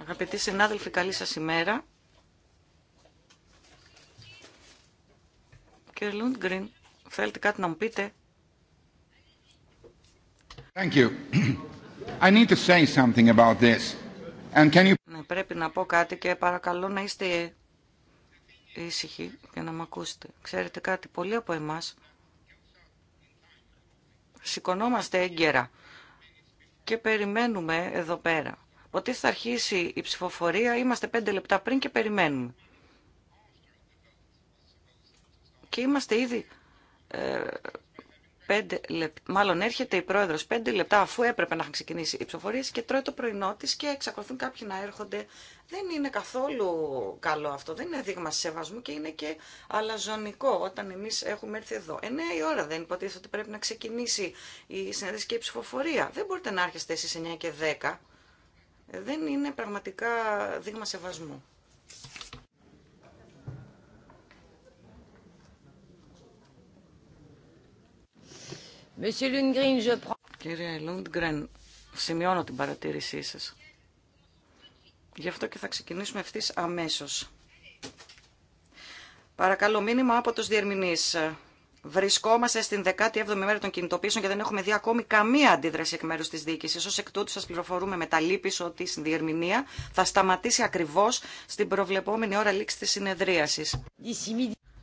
Αγαπητοί συνάδελφοι, καλή σας ημέρα. Κύριε Λούντγκριν, θέλετε κάτι να μου πείτε. πρέπει να πω κάτι και παρακαλώ να είστε ήσυχοι και να με ακούσετε. Ξέρετε κάτι, πολλοί από εμάς σηκωνόμαστε έγκαιρα και περιμένουμε εδώ πέρα ότι θα αρχίσει η ψηφοφορία, είμαστε πέντε λεπτά πριν και περιμένουμε. Και είμαστε ήδη ε, πέντε λεπτά, μάλλον έρχεται η πρόεδρος πέντε λεπτά αφού έπρεπε να έχουν ξεκινήσει οι ψηφοφορίες και τρώει το πρωινό της και εξακολουθούν κάποιοι να έρχονται. Δεν είναι καθόλου καλό αυτό, δεν είναι δείγμα σεβασμού και είναι και αλαζονικό όταν εμείς έχουμε έρθει εδώ. Εννέα η ώρα δεν υποτίθεται ότι πρέπει να ξεκινήσει η συνέντευξη και η ψηφοφορία. Δεν μπορείτε να έρχεστε εσείς 9 και 10 δεν είναι πραγματικά δείγμα σεβασμού. Κύριε Λούντγκρεν, σημειώνω την παρατήρησή σας. Γι' αυτό και θα ξεκινήσουμε ευθύ αμέσως. Παρακαλώ μήνυμα από τους διερμηνείς. Βρισκόμαστε στην 17η μέρα των κινητοποιήσεων και δεν έχουμε δει ακόμη καμία αντίδραση εκ μέρου τη διοίκηση. Ω εκ τούτου, σα πληροφορούμε με τα λύπη ότι η συνδιερμηνία θα σταματήσει ακριβώ στην προβλεπόμενη ώρα λήξη τη συνεδρίαση.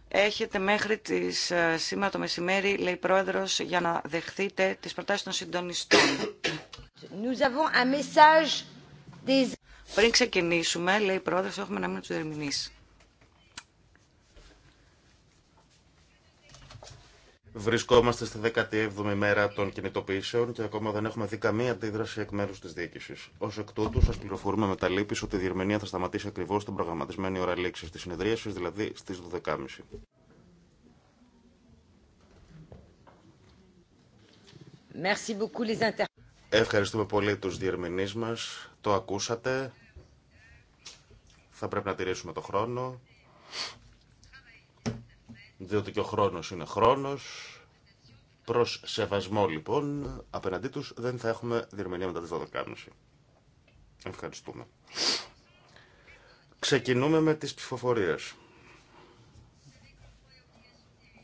Έχετε μέχρι τις, ε, σήμερα το μεσημέρι, λέει πρόεδρο, για να δεχθείτε τι προτάσει των συντονιστών. Nous avons un message des... Πριν ξεκινήσουμε, λέει η πρόεδρο, έχουμε να μην του διερμηνήσει. Βρισκόμαστε στη 17η μέρα των κινητοποιήσεων και ακόμα δεν έχουμε δει καμία αντίδραση εκ μέρου τη διοίκηση. Ω εκ τούτου, σα πληροφορούμε με τα λύπη ότι η διερμηνία θα σταματήσει ακριβώ την προγραμματισμένη ώρα λήξη τη συνεδρίαση, δηλαδή στι 12.30. Ευχαριστούμε πολύ του διερμηνείς μα. Το ακούσατε. Θα πρέπει να τηρήσουμε το χρόνο. Διότι και ο χρόνος είναι χρόνος. Προς σεβασμό λοιπόν, απέναντί τους δεν θα έχουμε διερμηνία μετά τις 12.30. Ευχαριστούμε. Ξεκινούμε με τις ψηφοφορίες.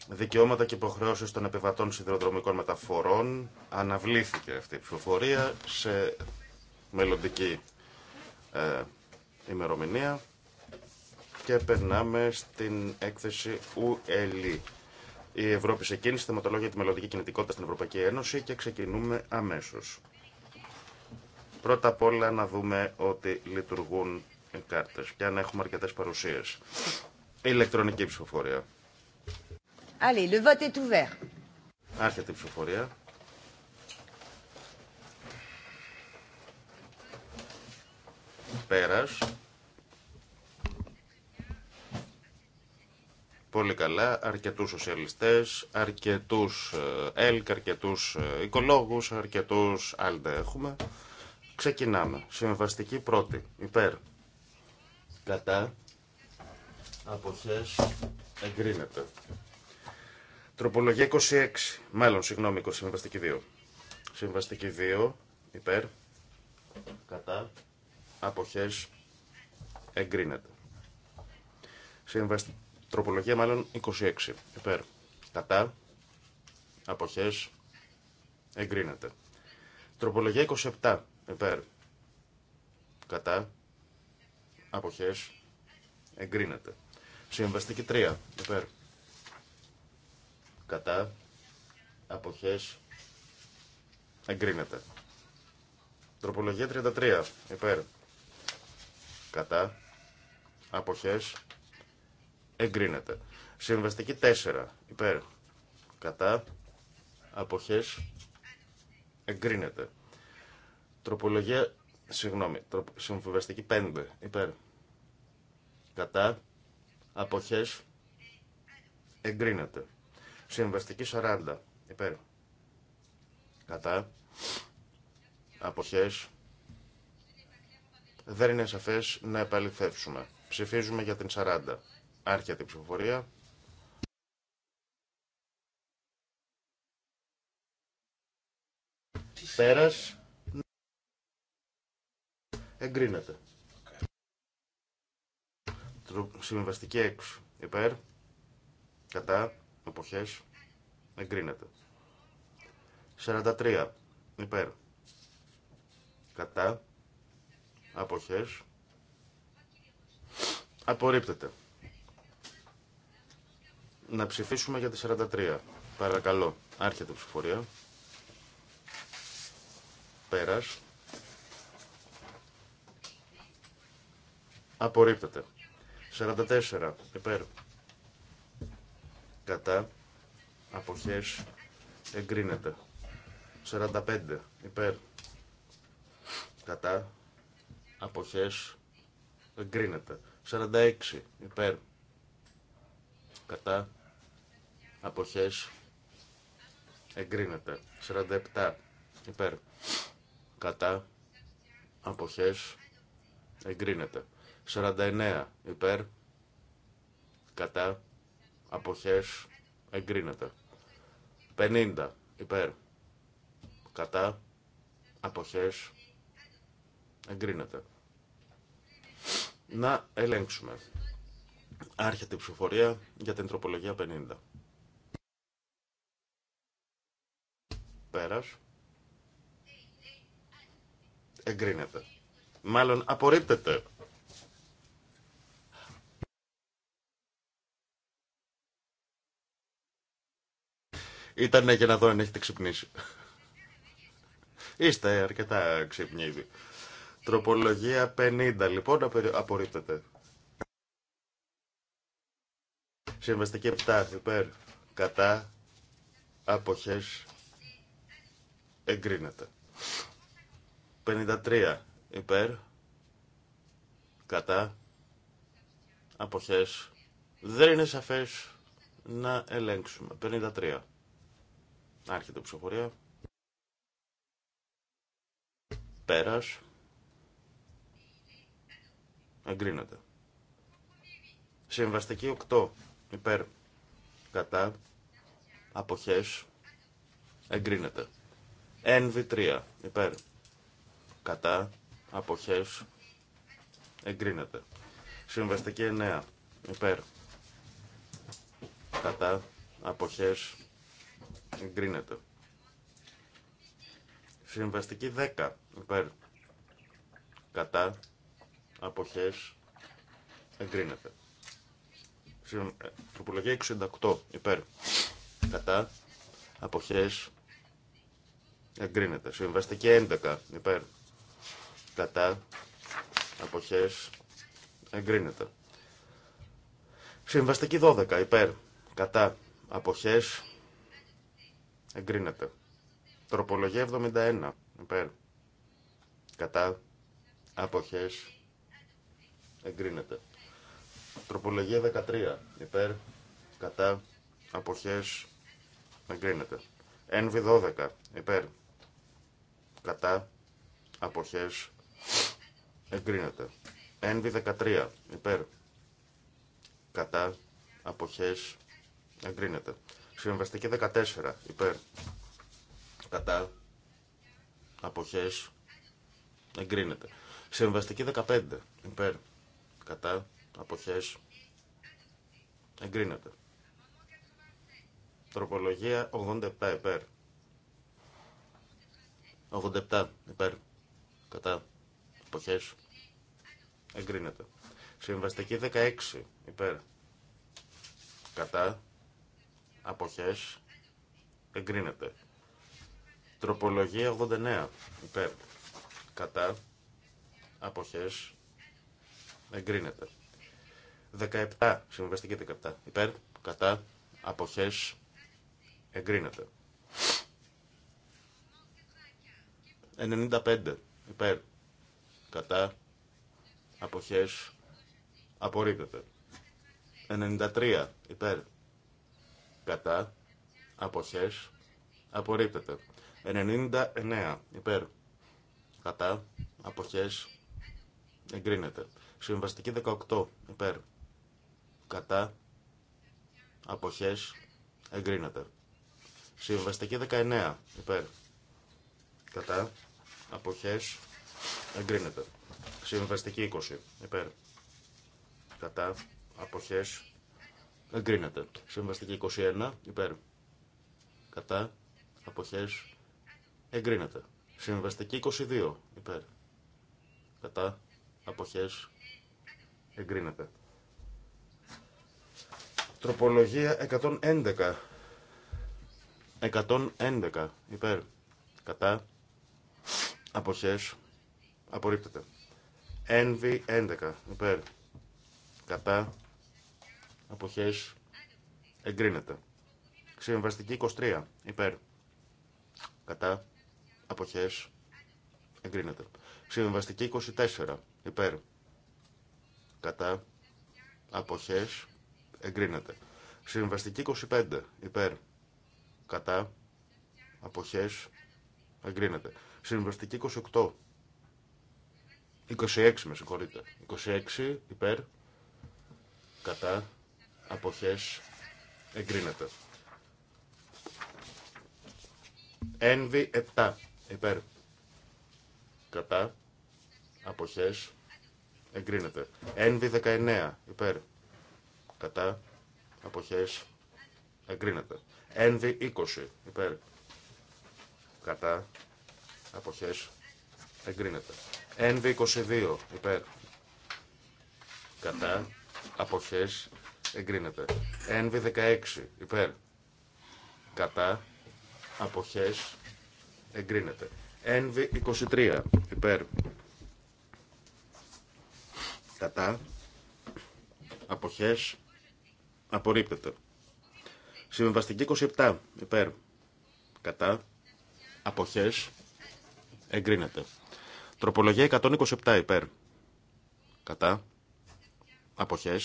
Δικαιώματα και υποχρεώσει των επιβατών σιδηροδρομικών μεταφορών. Αναβλήθηκε αυτή η ψηφοφορία σε μελλοντική ε, ημερομηνία. Και περνάμε στην έκθεση ΟΕΛΗ. Η Ευρώπη σε κίνηση, θεματολόγια τη μελλοντική κινητικότητα στην Ευρωπαϊκή Ένωση και ξεκινούμε αμέσω. Πρώτα απ' όλα να δούμε ότι λειτουργούν οι κάρτε και αν έχουμε αρκετέ παρουσίε. Ηλεκτρονική ψηφοφορία. Allez, le vote est ouvert. Άρχεται η ψηφοφορία. Πέρας. πολύ καλά αρκετούς σοσιαλιστές, αρκετούς ε, ΕΛΚ, αρκετούς ε, οικολόγους, αρκετούς ΑΛΔΕ έχουμε. Ξεκινάμε. Συμβαστική πρώτη. Υπέρ. Κατά. Αποχές. Εγκρίνεται. Τροπολογία 26. Μάλλον, συγγνώμη, 20. Συμβαστική 2. Συμβαστική 2. Υπέρ. Κατά. Αποχές. Εγκρίνεται. Συμβαστική Τροπολογία μάλλον 26. Επερ. Κατά. αποχέ, Εγκρίνεται. Τροπολογία 27. Υπέρ. Κατά. Αποχές. Εγκρίνεται. Συμβαστική 3. Υπέρ. Κατά. αποχέ. Εγκρίνεται. Τροπολογία 33. Υπέρ. Κατά. Αποχές εγκρίνεται. Συμβαστική 4 υπέρ κατά αποχές εγκρίνεται. Τροπολογία, συγγνώμη, συμβαστική 5 υπέρ κατά αποχές εγκρίνεται. Συμβαστική 40 υπέρ κατά αποχές δεν είναι σαφές να επαληθεύσουμε. Ψηφίζουμε για την 40 άρχια την ψηφοφορία. Πέρας. Εγκρίνεται. Συμβαστική έξω Υπέρ. Κατά. Εποχές. Εγκρίνεται. 43. Υπέρ. Κατά. Αποχές. Απορρίπτεται. Να ψηφίσουμε για τη 43. Παρακαλώ, άρχεται η ψηφορία. Πέρας. Απορρίπτεται. 44. Υπέρ. Κατά. Αποχές. Εγκρίνεται. 45. Υπέρ. Κατά. Αποχές. Εγκρίνεται. 46. Υπέρ. Κατά αποχές εγκρίνεται. 47 υπέρ κατά αποχές εγκρίνεται. 49 υπέρ κατά αποχές εγκρίνεται. 50 υπέρ κατά αποχές εγκρίνεται. Να ελέγξουμε. Άρχεται η ψηφοφορία για την τροπολογία 50. πέρας. Εγκρίνεται. Μάλλον απορρίπτεται. Ήταν για να δω αν έχετε ξυπνήσει. Είστε αρκετά ξύπνοι Τροπολογία 50 λοιπόν απορρίπτεται. Συμβαστική 7 υπέρ κατά αποχές εγκρίνεται. 53 υπέρ, κατά, αποχές, δεν είναι σαφές να ελέγξουμε. 53. Άρχεται η ψηφοφορία. Πέρας. Εγκρίνεται. Συμβαστική 8. Υπέρ. Κατά. Αποχές. Εγκρίνεται. NV3 υπέρ κατά αποχές εγκρίνεται. Συμβαστική 9 υπέρ κατά αποχές εγκρίνεται. Συμβαστική 10 υπέρ κατά αποχές εγκρίνεται. Ε, τροπολογία 68 υπέρ κατά αποχές Εγκρίνεται. Συμβαστική 11. Υπέρ. Κατά. Αποχέ. Εγκρίνεται. Συμβαστική 12. Υπέρ. Κατά. απόχέ, Εγκρίνεται. Τροπολογία 71. Υπέρ. Κατά. Αποχέ. Εγκρίνεται. Τροπολογία 13. Υπέρ. Κατά. απόχέ, Εγκρίνεται. Ένβη 12. Υπέρ κατά, αποχές, εγκρίνεται. Ένβι 13, υπέρ, κατά, αποχές, εγκρίνεται. Συμβαστική 14, υπέρ, κατά, αποχές, εγκρίνεται. Συμβαστική 15, υπέρ, κατά, αποχές, εγκρίνεται. Τροπολογία 87 υπέρ. 87 υπέρ κατά εποχές εγκρίνεται. Συμβαστική 16 υπέρ κατά αποχές εγκρίνεται. Τροπολογία 89 υπέρ κατά αποχές εγκρίνεται. 17 συμβαστική 17 υπέρ κατά αποχές εγκρίνεται. 95 υπέρ κατά αποχές απορρίπτεται. 93 υπέρ κατά αποχές απορρίπτεται. 99 υπέρ κατά αποχές εγκρίνεται. Συμβαστική 18 υπέρ κατά αποχές εγκρίνεται. Συμβαστική 19 υπέρ Κατά. Αποχές. Εγκρίνεται. Συμβαστική 20. Υπέρ. Κατά. Αποχές. Εγκρίνεται. Συμβαστική 21. Υπέρ. Κατά. Αποχές. Εγκρίνεται. Συμβαστική 22. Υπέρ. Κατά. Αποχές. Εγκρίνεται. Τροπολογία 111. 111. Υπέρ. Κατά. Αποχές. Απορρίπτεται. Envy 11. Υπέρ. Κατά. Αποχές. Εγκρίνεται. Συμβαστική 23. Υπέρ. Κατά. Αποχές. Εγκρίνεται. Συμβαστική 24. Υπέρ. Κατά. Αποχές. Εγκρίνεται. Συμβαστική 25. Υπέρ. Κατά. Αποχές. Εγκρίνεται. Συμβαστική 28. 26 με συγχωρείτε. 26 υπέρ. Κατά. Αποχές. Εγκρίνεται. Ένβη 7 υπέρ. Κατά. Αποχές. Εγκρίνεται. Ένβη 19 υπέρ. Κατά. Αποχές. Εγκρίνεται. Ένβη 20 υπέρ. Κατά αποχές Ένβι NV22 υπέρ κατά αποχές εγκρινεται ΕΝΒΙ NV16 υπέρ κατά αποχές εγκρίνεται. Ένβι 23 υπέρ κατά αποχές απορρίπτεται. Συμβαστική 27 υπέρ κατά αποχές Εγκρίνεται. Τροπολογία 127 υπέρ. Κατά. αποχέ.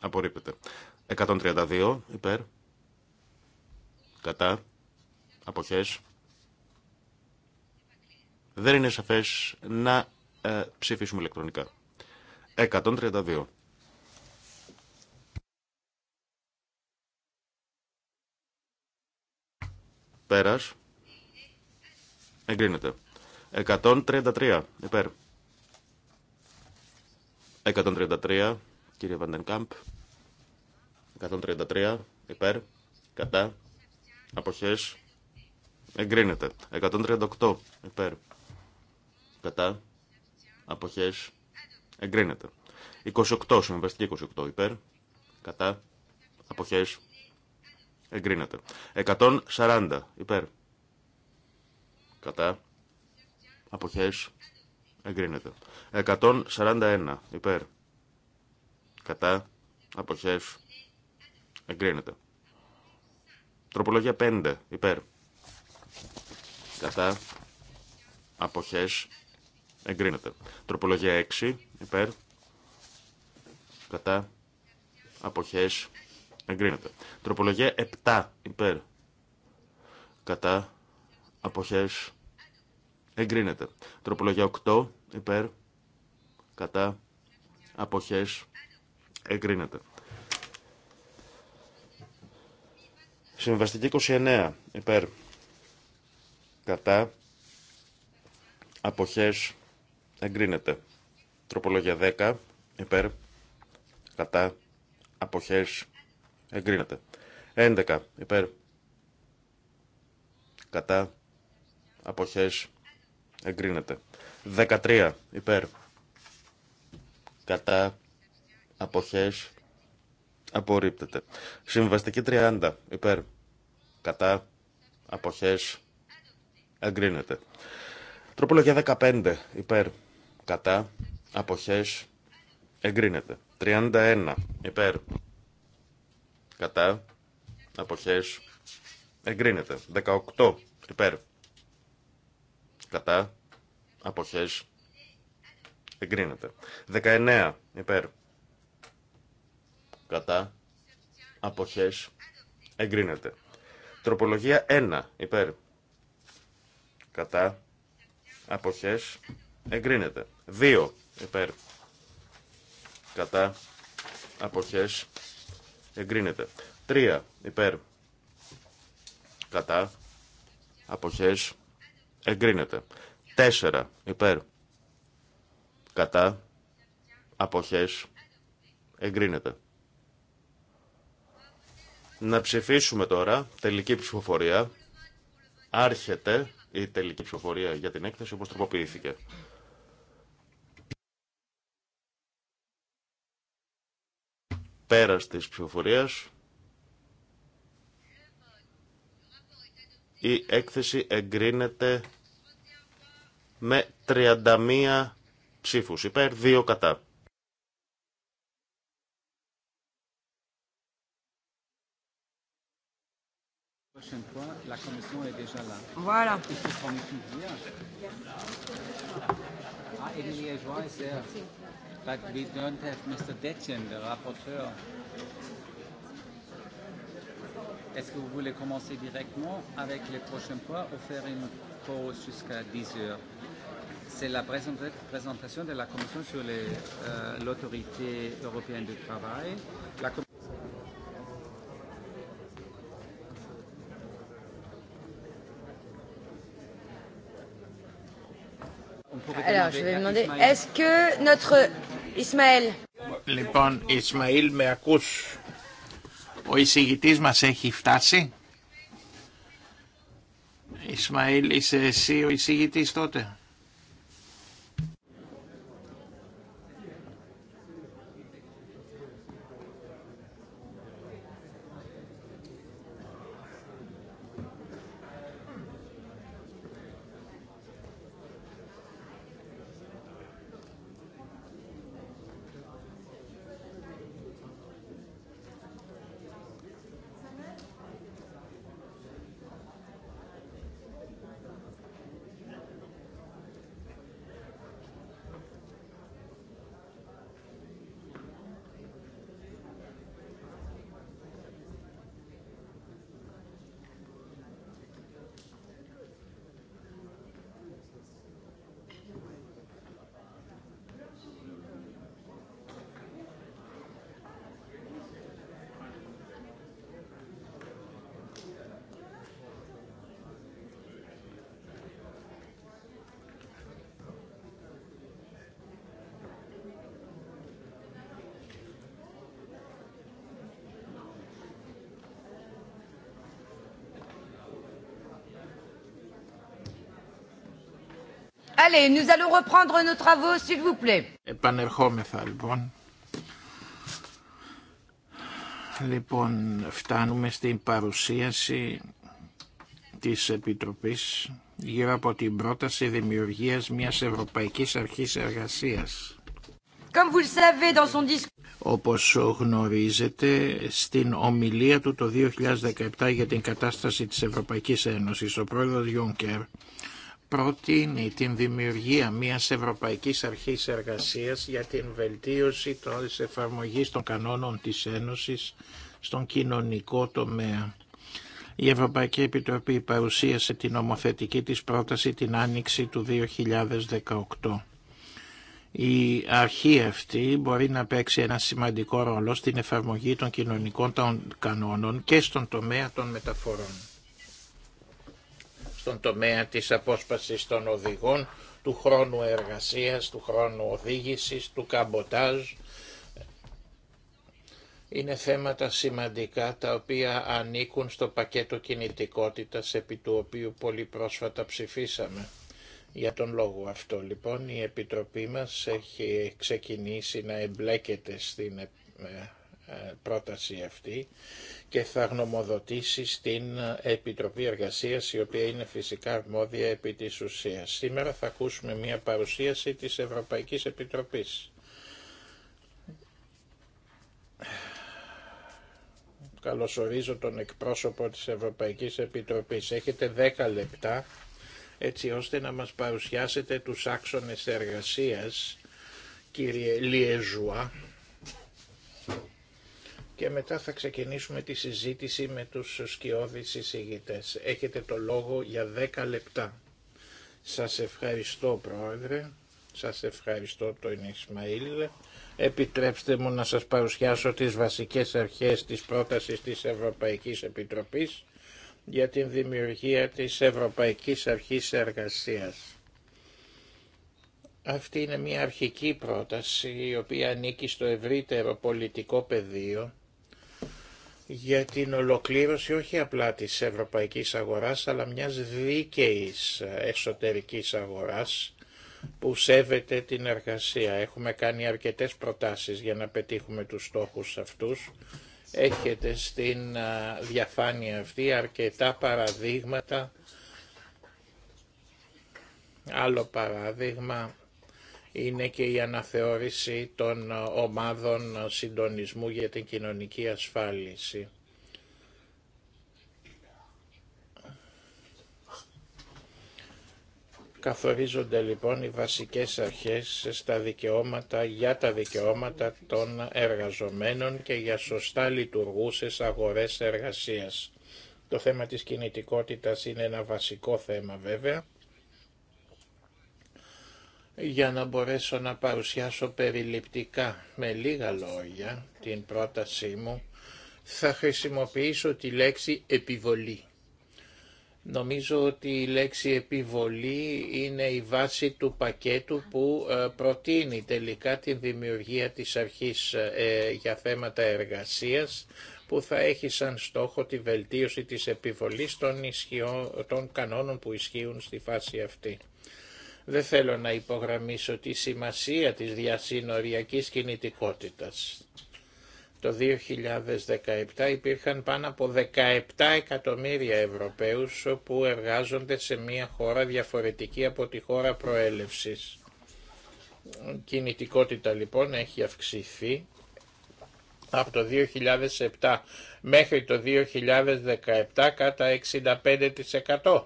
Απορρίπτεται. 132 υπέρ. Κατά. Αποχές. Δεν είναι σαφές να ε, ψηφίσουμε ηλεκτρονικά. 132. Πέρας. Εγκρίνεται. 133 υπέρ. 133 κύριε Βαντενκάμπ. 133 υπέρ. Κατά. Αποχές. Εγκρίνεται. 138 υπέρ. Κατά. Αποχές. Εγκρίνεται. 28 συμβαστική 28 υπέρ. Κατά. Αποχές. Εγκρίνεται. 140 υπέρ. Κατά. Αποχές. Εγκρίνεται. 141. Υπέρ. Κατά. Αποχές. Εγκρίνεται. Τροπολογία 5. Υπέρ. Κατά. Αποχές. Εγκρίνεται. Τροπολογία 6. Υπέρ. Κατά. Αποχές. Εγκρίνεται. Τροπολογία 7. Υπέρ. Κατά. Αποχές. Εγκρίνεται. Τροπολογία 8 υπέρ κατά αποχές εγκρίνεται. Συμβαστική 29 υπέρ κατά αποχές εγκρίνεται. Τροπολογία 10 υπέρ κατά αποχές εγκρίνεται. 11 υπέρ κατά αποχές Εγκρίνεται. 13 υπέρ. Κατά. Αποχές. Απορρίπτεται. Συμβαστική 30 υπέρ. Κατά. Αποχές. Εγκρίνεται. Τροπολογία 15 υπέρ. Κατά. Αποχές. Εγκρίνεται. 31 υπέρ. Κατά. Αποχές. Εγκρίνεται. 18 υπέρ. Κατά. Αποχές. Εγκρίνεται. 19. Υπέρ. Κατά. Αποχές. Εγκρίνεται. Τροπολογία 1. Υπέρ. Κατά. Αποχές. Εγκρίνεται. 2. Υπέρ. Κατά. Αποχές. Εγκρίνεται. 3. Υπέρ. Κατά. Αποχές. Εγκρίνεται. Τέσσερα. υπέρ. Κατά. Αποχές. Εγκρίνεται. Να ψηφίσουμε τώρα τελική ψηφοφορία. Άρχεται η τελική ψηφοφορία για την έκθεση όπως τροποποιήθηκε. Πέρας της ψηφοφορίας Η έκθεση εγκρίνεται με 31 ψήφους υπέρ, 2 κατά. Voilà. But ah, we don't have Mr. rapporteur. Est-ce que vous voulez commencer directement avec les prochains points ou faire une pause jusqu'à 10 heures C'est la présentation de la Commission sur l'autorité européenne du travail. La Alors, je vais demander, est-ce que notre Ismaël Ismaël mais à cause ο εισηγητής μας έχει φτάσει. Ισμαήλ, είσαι εσύ ο εισηγητής τότε. Allez, nous allons reprendre nos travaux, s'il vous plaît. Επανερχόμεθα λοιπόν. Λοιπόν, φτάνουμε στην παρουσίαση της Επιτροπής γύρω από την πρόταση δημιουργίας μιας Ευρωπαϊκής Αρχής Εργασίας. Comme vous le savez, dans son discours... Όπως γνωρίζετε, στην ομιλία του το 2017 για την κατάσταση της Ευρωπαϊκής Ένωσης, ο πρόεδρος Juncker προτείνει την δημιουργία μιας Ευρωπαϊκής Αρχής Εργασίας για την βελτίωση της εφαρμογής των κανόνων της Ένωσης στον κοινωνικό τομέα. Η Ευρωπαϊκή Επιτροπή παρουσίασε την ομοθετική της πρόταση την άνοιξη του 2018. Η αρχή αυτή μπορεί να παίξει ένα σημαντικό ρόλο στην εφαρμογή των κοινωνικών των κανόνων και στον τομέα των μεταφορών στον τομέα της απόσπασης των οδηγών, του χρόνου εργασίας, του χρόνου οδήγησης, του καμποτάζ. Είναι θέματα σημαντικά τα οποία ανήκουν στο πακέτο κινητικότητας επί του οποίου πολύ πρόσφατα ψηφίσαμε. Για τον λόγο αυτό λοιπόν η Επιτροπή μας έχει ξεκινήσει να εμπλέκεται στην ε, ε, πρόταση αυτή και θα γνωμοδοτήσει στην Επιτροπή Εργασίας η οποία είναι φυσικά αρμόδια επί της ουσίας. Σήμερα θα ακούσουμε μια παρουσίαση της Ευρωπαϊκής Επιτροπής. Καλωσορίζω τον εκπρόσωπο της Ευρωπαϊκής Επιτροπής. Έχετε 10 λεπτά έτσι ώστε να μας παρουσιάσετε τους άξονες εργασίας, κύριε Λιεζουά, και μετά θα ξεκινήσουμε τη συζήτηση με τους σκιώδεις εισηγητές. Έχετε το λόγο για 10 λεπτά. Σας ευχαριστώ Πρόεδρε, σας ευχαριστώ το Ισμαήλ. Επιτρέψτε μου να σας παρουσιάσω τις βασικές αρχές της πρότασης της Ευρωπαϊκής Επιτροπής για την δημιουργία της Ευρωπαϊκής Αρχής Εργασίας. Αυτή είναι μια αρχική πρόταση η οποία ανήκει στο ευρύτερο πολιτικό πεδίο για την ολοκλήρωση όχι απλά της ευρωπαϊκής αγοράς αλλά μιας δίκαιης εσωτερικής αγοράς που σέβεται την εργασία. Έχουμε κάνει αρκετές προτάσεις για να πετύχουμε τους στόχους αυτούς. Έχετε στην διαφάνεια αυτή αρκετά παραδείγματα. Άλλο παράδειγμα είναι και η αναθεώρηση των ομάδων συντονισμού για την κοινωνική ασφάλιση. Καθορίζονται λοιπόν οι βασικές αρχές στα δικαιώματα, για τα δικαιώματα των εργαζομένων και για σωστά λειτουργούσες αγορές εργασίας. Το θέμα της κινητικότητας είναι ένα βασικό θέμα βέβαια για να μπορέσω να παρουσιάσω περιληπτικά με λίγα λόγια την πρότασή μου θα χρησιμοποιήσω τη λέξη επιβολή. Νομίζω ότι η λέξη επιβολή είναι η βάση του πακέτου που ε, προτείνει τελικά την δημιουργία της αρχής ε, για θέματα εργασίας που θα έχει σαν στόχο τη βελτίωση της επιβολής των, των κανόνων που ισχύουν στη φάση αυτή. Δεν θέλω να υπογραμμίσω τη σημασία της διασύνοριακής κινητικότητας. Το 2017 υπήρχαν πάνω από 17 εκατομμύρια Ευρωπαίους που εργάζονται σε μια χώρα διαφορετική από τη χώρα προέλευσης. Η κινητικότητα λοιπόν έχει αυξηθεί από το 2007 μέχρι το 2017 κατά 65%.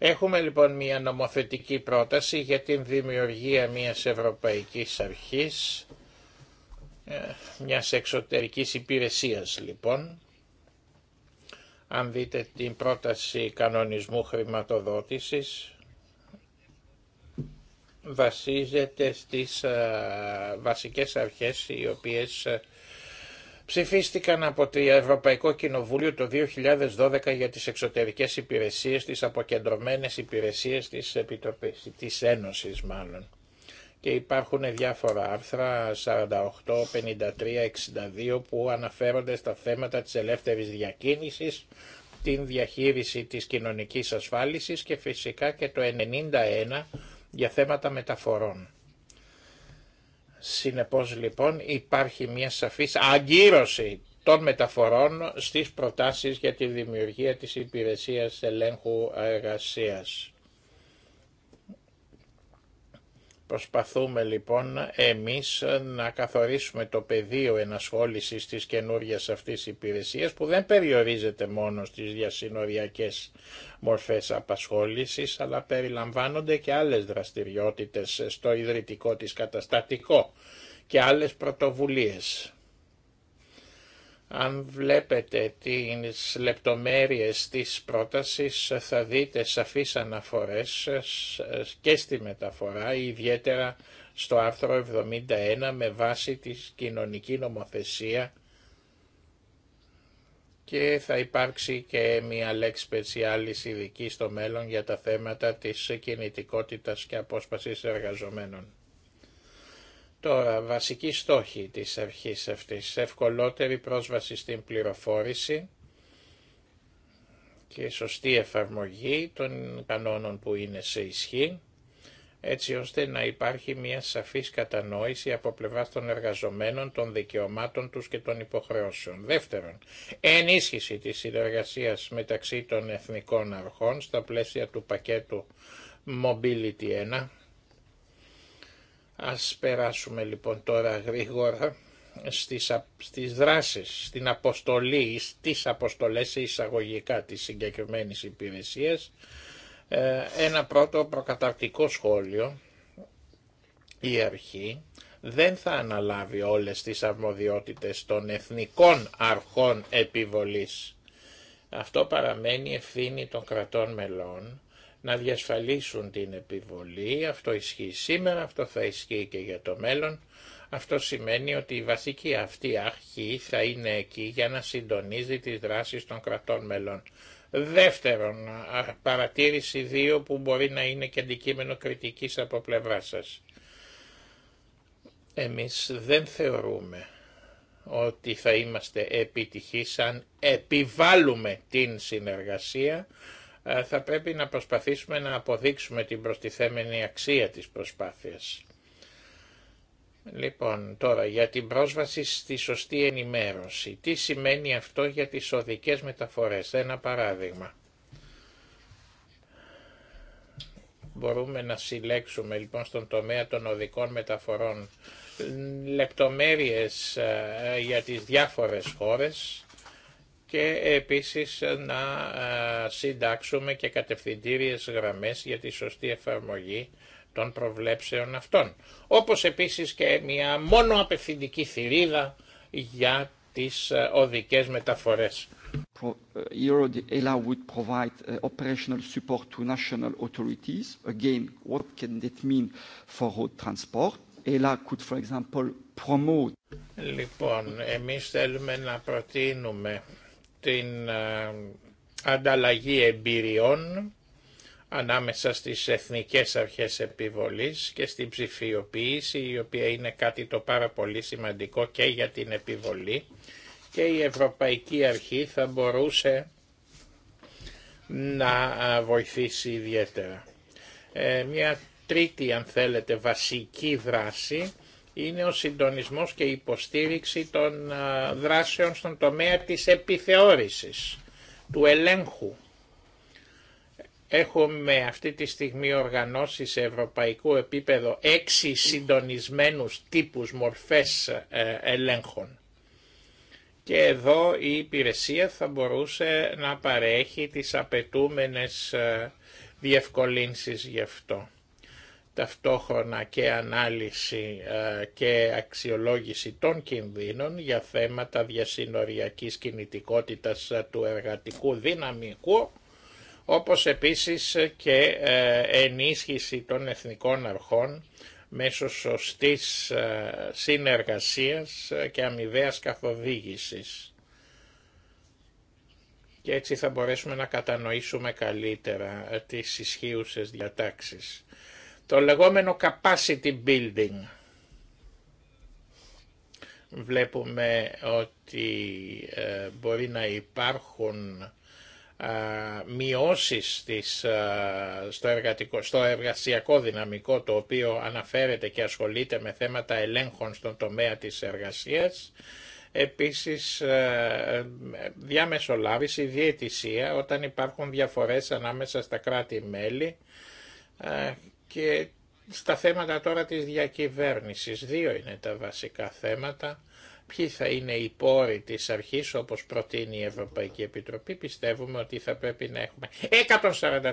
Έχουμε λοιπόν μια νομοθετική πρόταση για την δημιουργία μιας ευρωπαϊκής αρχής, ε, μιας εξωτερικής υπηρεσίας λοιπόν. Αν δείτε την πρόταση κανονισμού χρηματοδότησης, βασίζεται στις ε, βασικές αρχές οι οποίες ε, ψηφίστηκαν από το Ευρωπαϊκό Κοινοβούλιο το 2012 για τις εξωτερικές υπηρεσίες, τις αποκεντρωμένες υπηρεσίες της Επιτροπής, της Ένωσης μάλλον. Και υπάρχουν διάφορα άρθρα 48, 53, 62 που αναφέρονται στα θέματα της ελεύθερης διακίνησης, την διαχείριση της κοινωνικής ασφάλισης και φυσικά και το 91 για θέματα μεταφορών. Συνεπώς λοιπόν υπάρχει μια σαφής αγκύρωση των μεταφορών στις προτάσεις για τη δημιουργία της υπηρεσίας ελέγχου εργασίας. Προσπαθούμε λοιπόν εμείς να καθορίσουμε το πεδίο ενασχόλησης της καινούργιας αυτής υπηρεσίας που δεν περιορίζεται μόνο στις διασυνοριακές μορφές απασχόλησης αλλά περιλαμβάνονται και άλλες δραστηριότητες στο ιδρυτικό της καταστατικό και άλλες πρωτοβουλίες. Αν βλέπετε τις λεπτομέρειες της πρότασης θα δείτε σαφείς αναφορές και στη μεταφορά, ιδιαίτερα στο άρθρο 71 με βάση τη κοινωνική νομοθεσία και θα υπάρξει και μια λέξη specialis ειδική στο μέλλον για τα θέματα της κινητικότητας και απόσπασης εργαζομένων. Τώρα, βασική στόχη της αρχής αυτής, ευκολότερη πρόσβαση στην πληροφόρηση και σωστή εφαρμογή των κανόνων που είναι σε ισχύ, έτσι ώστε να υπάρχει μια σαφής κατανόηση από πλευρά των εργαζομένων, των δικαιωμάτων τους και των υποχρεώσεων. Δεύτερον, ενίσχυση της συνεργασίας μεταξύ των εθνικών αρχών στα πλαίσια του πακέτου Mobility 1, Ας περάσουμε λοιπόν τώρα γρήγορα στις, στις δράσεις, στην αποστολή, στις αποστολές εισαγωγικά της συγκεκριμένης υπηρεσίας. Ε, ένα πρώτο προκαταρκτικό σχόλιο, η αρχή δεν θα αναλάβει όλες τις αρμοδιότητες των εθνικών αρχών επιβολής. Αυτό παραμένει ευθύνη των κρατών μελών να διασφαλίσουν την επιβολή, αυτό ισχύει σήμερα, αυτό θα ισχύει και για το μέλλον. Αυτό σημαίνει ότι η βασική αυτή αρχή θα είναι εκεί για να συντονίζει τις δράσεις των κρατών μελών. Δεύτερον, παρατήρηση δύο που μπορεί να είναι και αντικείμενο κριτικής από πλευρά σας. Εμείς δεν θεωρούμε ότι θα είμαστε επιτυχείς αν επιβάλλουμε την συνεργασία ε, θα πρέπει να προσπαθήσουμε να αποδείξουμε την προστιθέμενη αξία της προσπάθειας. Λοιπόν, τώρα για την πρόσβαση στη σωστή ενημέρωση. Τι σημαίνει αυτό για τις οδικές μεταφορές. Ένα παράδειγμα. Μπορούμε να συλλέξουμε λοιπόν στον τομέα των οδικών μεταφορών λεπτομέρειες ε, για τις διάφορες χώρες και επίσης να ε, συντάξουμε και κατευθυντήριες γραμμές για τη σωστή εφαρμογή των προβλέψεων αυτών. Όπως επίσης και μια μόνο απευθυντική θηρίδα για τις ε, οδικές μεταφορές. Ε, ELA would provide operational support to national authorities. Again, what can that mean for road transport? ELA could, for example, promote... Λοιπόν, εμείς θέλουμε να προτείνουμε την ε, ανταλλαγή εμπειριών ανάμεσα στις εθνικές αρχές επιβολής και στην ψηφιοποίηση η οποία είναι κάτι το πάρα πολύ σημαντικό και για την επιβολή και η Ευρωπαϊκή Αρχή θα μπορούσε να ε, βοηθήσει ιδιαίτερα. Ε, μια τρίτη αν θέλετε βασική δράση είναι ο συντονισμός και η υποστήριξη των δράσεων στον τομέα της επιθεώρησης, του ελέγχου. Έχουμε αυτή τη στιγμή οργανώσει σε ευρωπαϊκό επίπεδο έξι συντονισμένους τύπους μορφές ε, ελέγχων. Και εδώ η υπηρεσία θα μπορούσε να παρέχει τις απαιτούμενες ε, διευκολύνσεις γι' αυτό ταυτόχρονα και ανάλυση ε, και αξιολόγηση των κινδύνων για θέματα διασυνοριακής κινητικότητας ε, του εργατικού δυναμικού, όπως επίσης και ε, ενίσχυση των εθνικών αρχών μέσω σωστής συνεργασίας και αμοιβαίας καθοδήγησης. Και έτσι θα μπορέσουμε να κατανοήσουμε καλύτερα τις ισχύουσες διατάξεις. Το λεγόμενο capacity building. Βλέπουμε ότι ε, μπορεί να υπάρχουν μειώσεις της, στο, εργατικό, στο εργασιακό δυναμικό το οποίο αναφέρεται και ασχολείται με θέματα ελέγχων στον τομέα της εργασίας. Επίσης ε, διαμεσολάβηση, διαιτησία όταν υπάρχουν διαφορές ανάμεσα στα κράτη-μέλη ε, και στα θέματα τώρα της διακυβέρνησης, δύο είναι τα βασικά θέματα. Ποιοι θα είναι οι πόροι της αρχής όπως προτείνει η Ευρωπαϊκή Επιτροπή, πιστεύουμε ότι θα πρέπει να έχουμε 144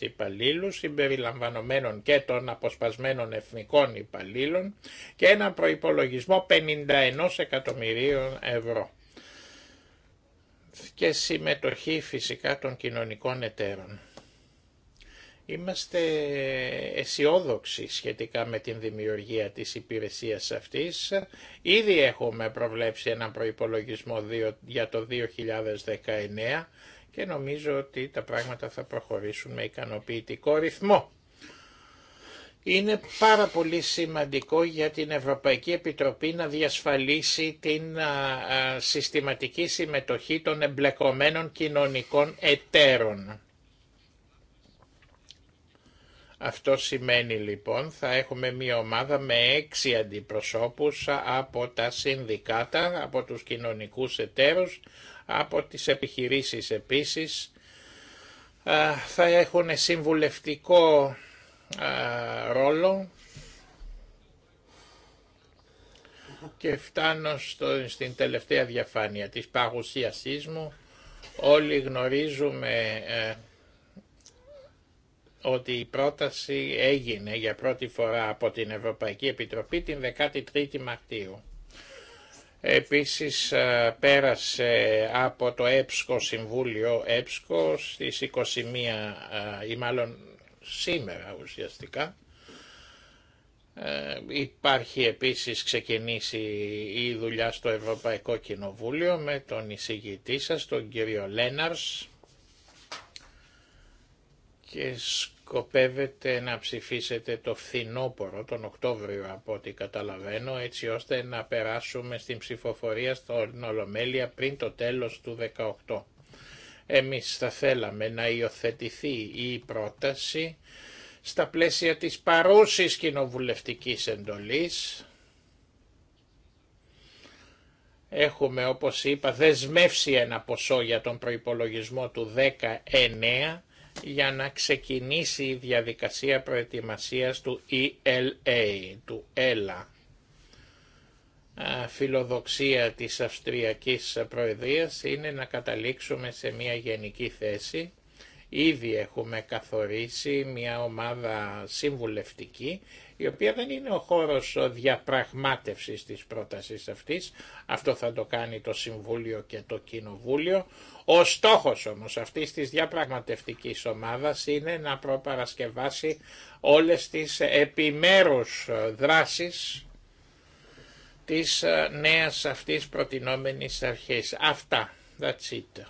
υπαλλήλους συμπεριλαμβανομένων και των αποσπασμένων εθνικών υπαλλήλων και ένα προϋπολογισμό 51 εκατομμυρίων ευρώ και συμμετοχή φυσικά των κοινωνικών εταίρων. Είμαστε αισιόδοξοι σχετικά με την δημιουργία της υπηρεσίας αυτής. Ήδη έχουμε προβλέψει έναν προϋπολογισμό για το 2019 και νομίζω ότι τα πράγματα θα προχωρήσουν με ικανοποιητικό ρυθμό. Είναι πάρα πολύ σημαντικό για την Ευρωπαϊκή Επιτροπή να διασφαλίσει την συστηματική συμμετοχή των εμπλεκομένων κοινωνικών εταίρων αυτό σημαίνει λοιπόν θα έχουμε μια ομάδα με έξι αντιπροσώπους από τα συνδικάτα, από τους κοινωνικούς εταίρους, από τις επιχειρήσεις επίσης. Θα έχουν συμβουλευτικό ρόλο και φτάνω στην τελευταία διαφάνεια της παγουσίασής μου. Όλοι γνωρίζουμε ε, ότι η πρόταση έγινε για πρώτη φορά από την Ευρωπαϊκή Επιτροπή την 13η Μαρτίου. Επίσης ε, πέρασε από το ΕΠΣΚΟ Συμβούλιο ΕΠΣΚΟ στις 21 ε, ή μάλλον σήμερα ουσιαστικά. Ε, υπάρχει επίσης ξεκινήσει η μαλλον σημερα ουσιαστικα υπαρχει επισης ξεκινησει η δουλεια στο Ευρωπαϊκό Κοινοβούλιο με τον εισηγητή σας, τον κύριο Λέναρς, και σκοπεύετε να ψηφίσετε το φθινόπωρο, τον Οκτώβριο από ό,τι καταλαβαίνω, έτσι ώστε να περάσουμε στην ψηφοφορία στον Ολομέλεια πριν το τέλος του 18. Εμείς θα θέλαμε να υιοθετηθεί η πρόταση στα πλαίσια της παρούσης κοινοβουλευτικής εντολής. Έχουμε, όπως είπα, δεσμεύσει ένα ποσό για τον προϋπολογισμό του 19 για να ξεκινήσει η διαδικασία προετοιμασίας του ELA, του ELA, φιλοδοξία της Αυστριακής Προεδρίας είναι να καταλήξουμε σε μια γενική θέση. Ήδη έχουμε καθορίσει μια ομάδα συμβουλευτική η οποία δεν είναι ο χώρος διαπραγμάτευσης της πρότασης αυτής, αυτό θα το κάνει το Συμβούλιο και το Κοινοβούλιο. Ο στόχος όμως αυτής της διαπραγματευτικής ομάδας είναι να προπαρασκευάσει όλες τις επιμέρους ε, δράσεις της ε, νέας αυτής προτινόμενης αρχής. Αυτά. That's it.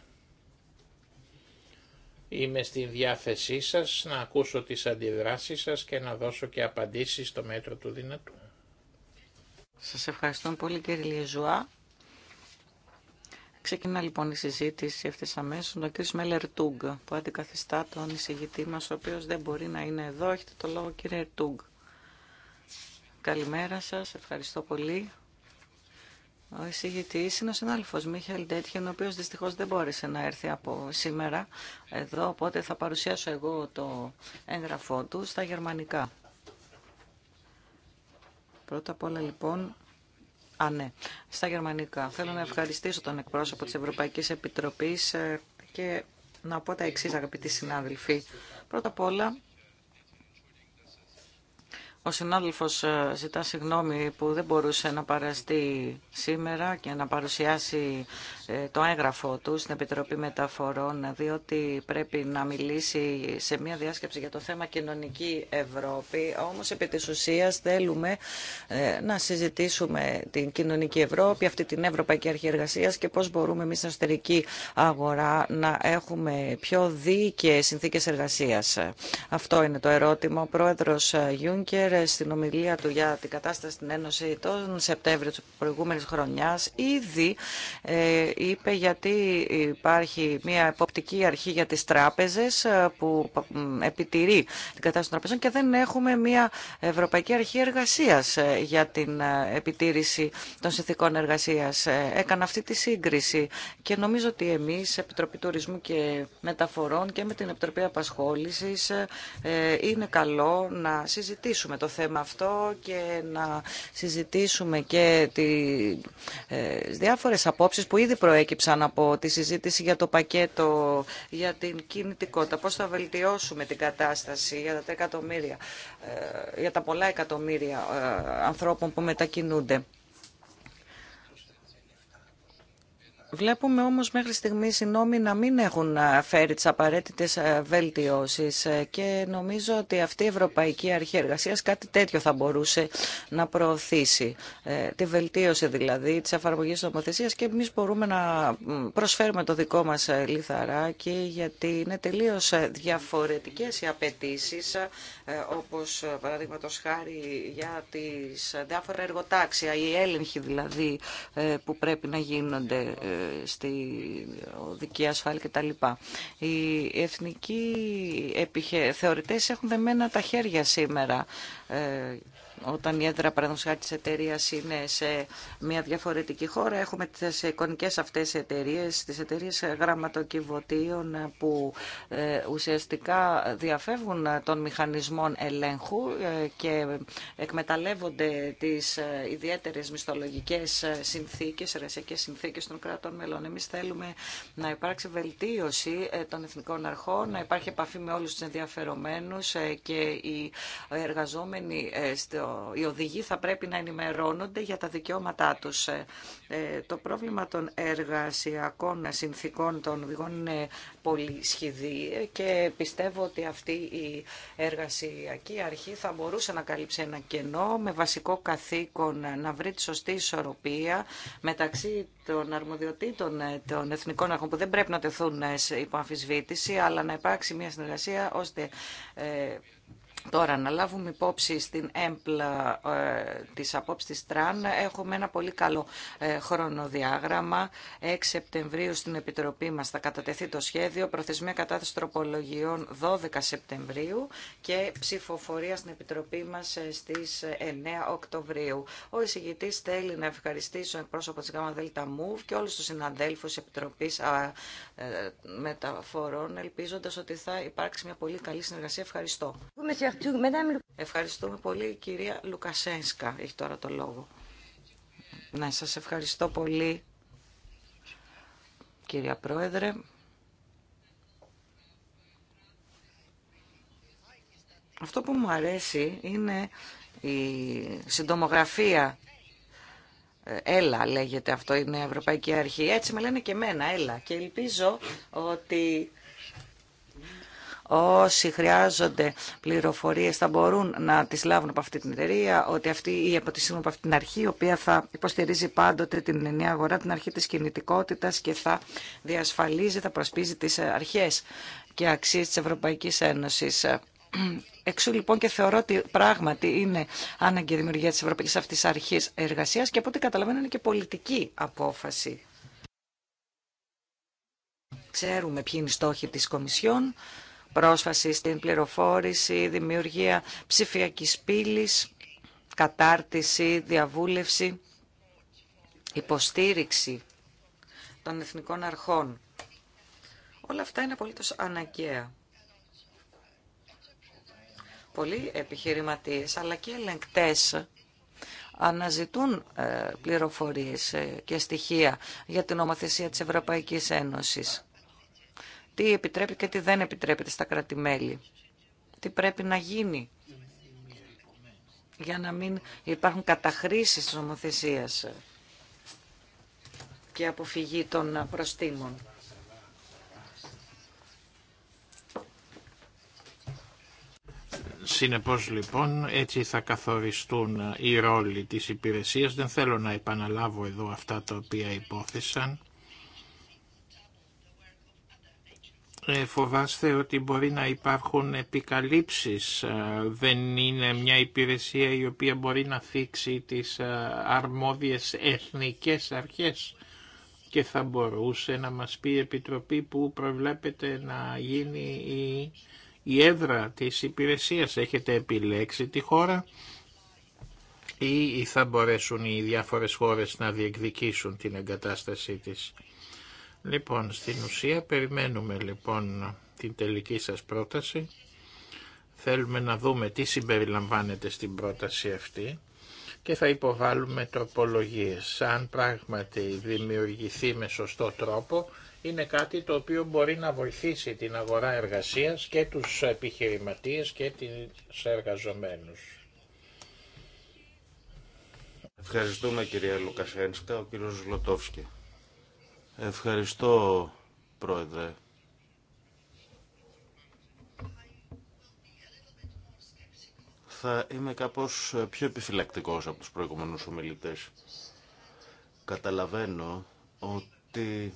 Είμαι στη διάθεσή σας να ακούσω τις αντιδράσεις σας και να δώσω και απαντήσεις στο μέτρο του δυνατού. Σας ευχαριστώ πολύ κύριε Λιεζουά. Ξεκινά λοιπόν η συζήτηση αυτή αμέσω τον κύριο Σμέλερ Τούγκ, που αντικαθιστά τον εισηγητή μα, ο οποίο δεν μπορεί να είναι εδώ. Έχετε το λόγο, κύριε Τούγκ. Καλημέρα σα, ευχαριστώ πολύ. Ο εισηγητή είναι ο συνάδελφο Μίχαλ Ντέτχεν, ο οποίο δυστυχώ δεν μπόρεσε να έρθει από σήμερα εδώ, οπότε θα παρουσιάσω εγώ το έγγραφό του στα γερμανικά. Πρώτα απ' όλα λοιπόν. Α, ναι, στα γερμανικά. Θέλω να ευχαριστήσω τον εκπρόσωπο τη Ευρωπαϊκή Επιτροπή ε, και να πω τα εξή, αγαπητοί συνάδελφοι. Πρώτα απ' όλα ο συνάδελφος ε, ζητά συγγνώμη που δεν μπορούσε να παραστεί σήμερα και να παρουσιάσει ε, το έγγραφό του στην Επιτροπή Μεταφορών, διότι πρέπει να μιλήσει σε μια διάσκεψη για το θέμα κοινωνική Ευρώπη. Όμως, επί της ουσίας, θέλουμε ε, να συζητήσουμε την κοινωνική Ευρώπη, αυτή την Ευρωπαϊκή Αρχή και πώς μπορούμε εμείς στην εσωτερική αγορά να έχουμε πιο δίκαιες συνθήκες εργασίας. Αυτό είναι το ερώτημα. Ο πρόεδρος Γιούνκερ στην ομιλία του για την κατάσταση στην Ένωση τον Σεπτέμβριο τη προηγούμενη χρονιάς ήδη ε, είπε γιατί υπάρχει μια εποπτική αρχή για τις τράπεζες ε, που επιτηρεί την κατάσταση των τραπεζών και δεν έχουμε μια Ευρωπαϊκή Αρχή Εργασίας ε, για την ε, επιτήρηση των συνθήκων εργασίας. Έκανα αυτή τη σύγκριση και νομίζω ότι εμείς, Επιτροπή Τουρισμού και Μεταφορών και με την Επιτροπή Απασχόλησης είναι καλό να συζητήσουμε το θέμα αυτό και να συζητήσουμε και τις διάφορες απόψεις που ήδη προέκυψαν από τη συζήτηση για το πακέτο για την κινητικότητα. Πώς θα βελτιώσουμε την κατάσταση για τα, εκατομμύρια, ε, για τα πολλά εκατομμύρια ε, ανθρώπων που μετακινούνται. Βλέπουμε όμως μέχρι στιγμής οι νόμοι να μην έχουν φέρει τις απαραίτητες βελτιώσεις ε, και νομίζω ότι αυτή η Ευρωπαϊκή Αρχή Εργασίας κάτι τέτοιο θα μπορούσε να προωθήσει. Ε, τη βελτίωση δηλαδή της εφαρμογή της νομοθεσίας και εμείς μπορούμε να προσφέρουμε το δικό μας ε, λιθαράκι γιατί είναι τελείως διαφορετικές οι απαιτήσει, όπως παραδείγματο χάρη για τις διάφορα εργοτάξια, οι έλεγχοι δηλαδή που πρέπει να γίνονται στη οδική ασφάλεια κτλ. Οι εθνικοί επιχε... θεωρητές έχουν δεμένα τα χέρια σήμερα ε, όταν η έδρα παραδοσιακά τη εταιρεία είναι σε μια διαφορετική χώρα, έχουμε τις εικονικέ αυτέ εταιρείε, τι εταιρείε γραμματοκιβωτίων που ε, ουσιαστικά διαφεύγουν των μηχανισμών ελέγχου ε, και εκμεταλλεύονται τις ε, ιδιαίτερε μισθολογικέ συνθήκε, εργασιακέ συνθήκε των κρατών μελών. Εμεί θέλουμε να υπάρξει βελτίωση των εθνικών αρχών, να υπάρχει επαφή με όλους τους ενδιαφερομένους και οι εργαζόμενοι στο οι οδηγοί θα πρέπει να ενημερώνονται για τα δικαιώματά τους. Ε, ε, το πρόβλημα των εργασιακών συνθήκων των οδηγών είναι πολύ σχηδή και πιστεύω ότι αυτή η εργασιακή αρχή θα μπορούσε να καλύψει ένα κενό με βασικό καθήκον να βρει τη σωστή ισορροπία μεταξύ των αρμοδιοτήτων ε, των εθνικών αρχών που δεν πρέπει να τεθούν υπό αμφισβήτηση αλλά να υπάρξει μια συνεργασία ώστε Τώρα, να λάβουμε υπόψη στην έμπλα ε, της απόψης της ΤΡΑΝ, έχουμε ένα πολύ καλό ε, χρονοδιάγραμμα. 6 Σεπτεμβρίου στην Επιτροπή μας θα κατατεθεί το σχέδιο, προθεσμία κατάθεση τροπολογιών 12 Σεπτεμβρίου και ψηφοφορία στην Επιτροπή μας ε, στις 9 ε, Οκτωβρίου. Ο εισηγητής θέλει να ευχαριστήσω τον εκπρόσωπο της ΔΕΛΤΑ ΜΟΥΒ και όλους τους συναδέλφους της Επιτροπής ε, Μεταφορών, ελπίζοντας ότι θα υπάρξει μια πολύ καλή συνεργασία. Ευχαριστώ. Ευχαριστούμε πολύ κυρία Λουκασένσκα. Έχει τώρα το λόγο. Να σας ευχαριστώ πολύ κυρία Πρόεδρε. Αυτό που μου αρέσει είναι η συντομογραφία. Ε, έλα λέγεται αυτό, είναι Ευρωπαϊκή Αρχή. Έτσι με λένε και εμένα, έλα. Και ελπίζω ότι όσοι χρειάζονται πληροφορίες θα μπορούν να τις λάβουν από αυτή την εταιρεία, ότι αυτή ή από τη από αυτή την αρχή, η οποία θα υποστηρίζει πάντοτε την ενιαία αγορά, την αρχή της κινητικότητας και θα διασφαλίζει, θα προσπίζει τις αρχές και αξίες της Ευρωπαϊκής Ένωσης. Εξού λοιπόν και θεωρώ ότι πράγματι είναι ανάγκη η δημιουργία της Ευρωπαϊκής αυτής αρχής εργασίας και από ό,τι καταλαβαίνω είναι και πολιτική απόφαση. Ξέρουμε ποιοι είναι οι στόχοι της Κομισιόν, Πρόσφαση στην πληροφόρηση, δημιουργία ψηφιακής πύλης, κατάρτιση, διαβούλευση, υποστήριξη των εθνικών αρχών. Όλα αυτά είναι απολύτως αναγκαία. Πολλοί επιχειρηματίες αλλά και ελεγκτές αναζητούν ε, πληροφορίες ε, και στοιχεία για την ομοθεσία της Ευρωπαϊκής Ένωσης τι επιτρέπει και τι δεν επιτρέπεται στα κρατη Τι πρέπει να γίνει για να μην υπάρχουν καταχρήσεις της νομοθεσίας και αποφυγή των προστήμων. Συνεπώς λοιπόν έτσι θα καθοριστούν οι ρόλοι της υπηρεσίας. Δεν θέλω να επαναλάβω εδώ αυτά τα οποία υπόθεσαν. Ε, φοβάστε ότι μπορεί να υπάρχουν επικαλύψεις. Ε, δεν είναι μια υπηρεσία η οποία μπορεί να θίξει τις ε, αρμόδιες εθνικές αρχές και θα μπορούσε να μας πει η Επιτροπή που προβλέπεται να γίνει η, η έδρα της υπηρεσίας. Έχετε επιλέξει τη χώρα ή θα μπορέσουν οι διάφορες χώρες να διεκδικήσουν την εγκατάστασή της. Λοιπόν, στην ουσία περιμένουμε λοιπόν την τελική σας πρόταση. Θέλουμε να δούμε τι συμπεριλαμβάνεται στην πρόταση αυτή και θα υποβάλουμε τροπολογίες. Αν πράγματι δημιουργηθεί με σωστό τρόπο, είναι κάτι το οποίο μπορεί να βοηθήσει την αγορά εργασίας και τους επιχειρηματίες και τους εργαζομένους. Ευχαριστούμε κυρία Λουκασένσκα, ο κύριος Ζλωτόφσκι. Ευχαριστώ, Πρόεδρε. Θα είμαι κάπως πιο επιφυλακτικός από τους προηγούμενους ομιλητές. Καταλαβαίνω ότι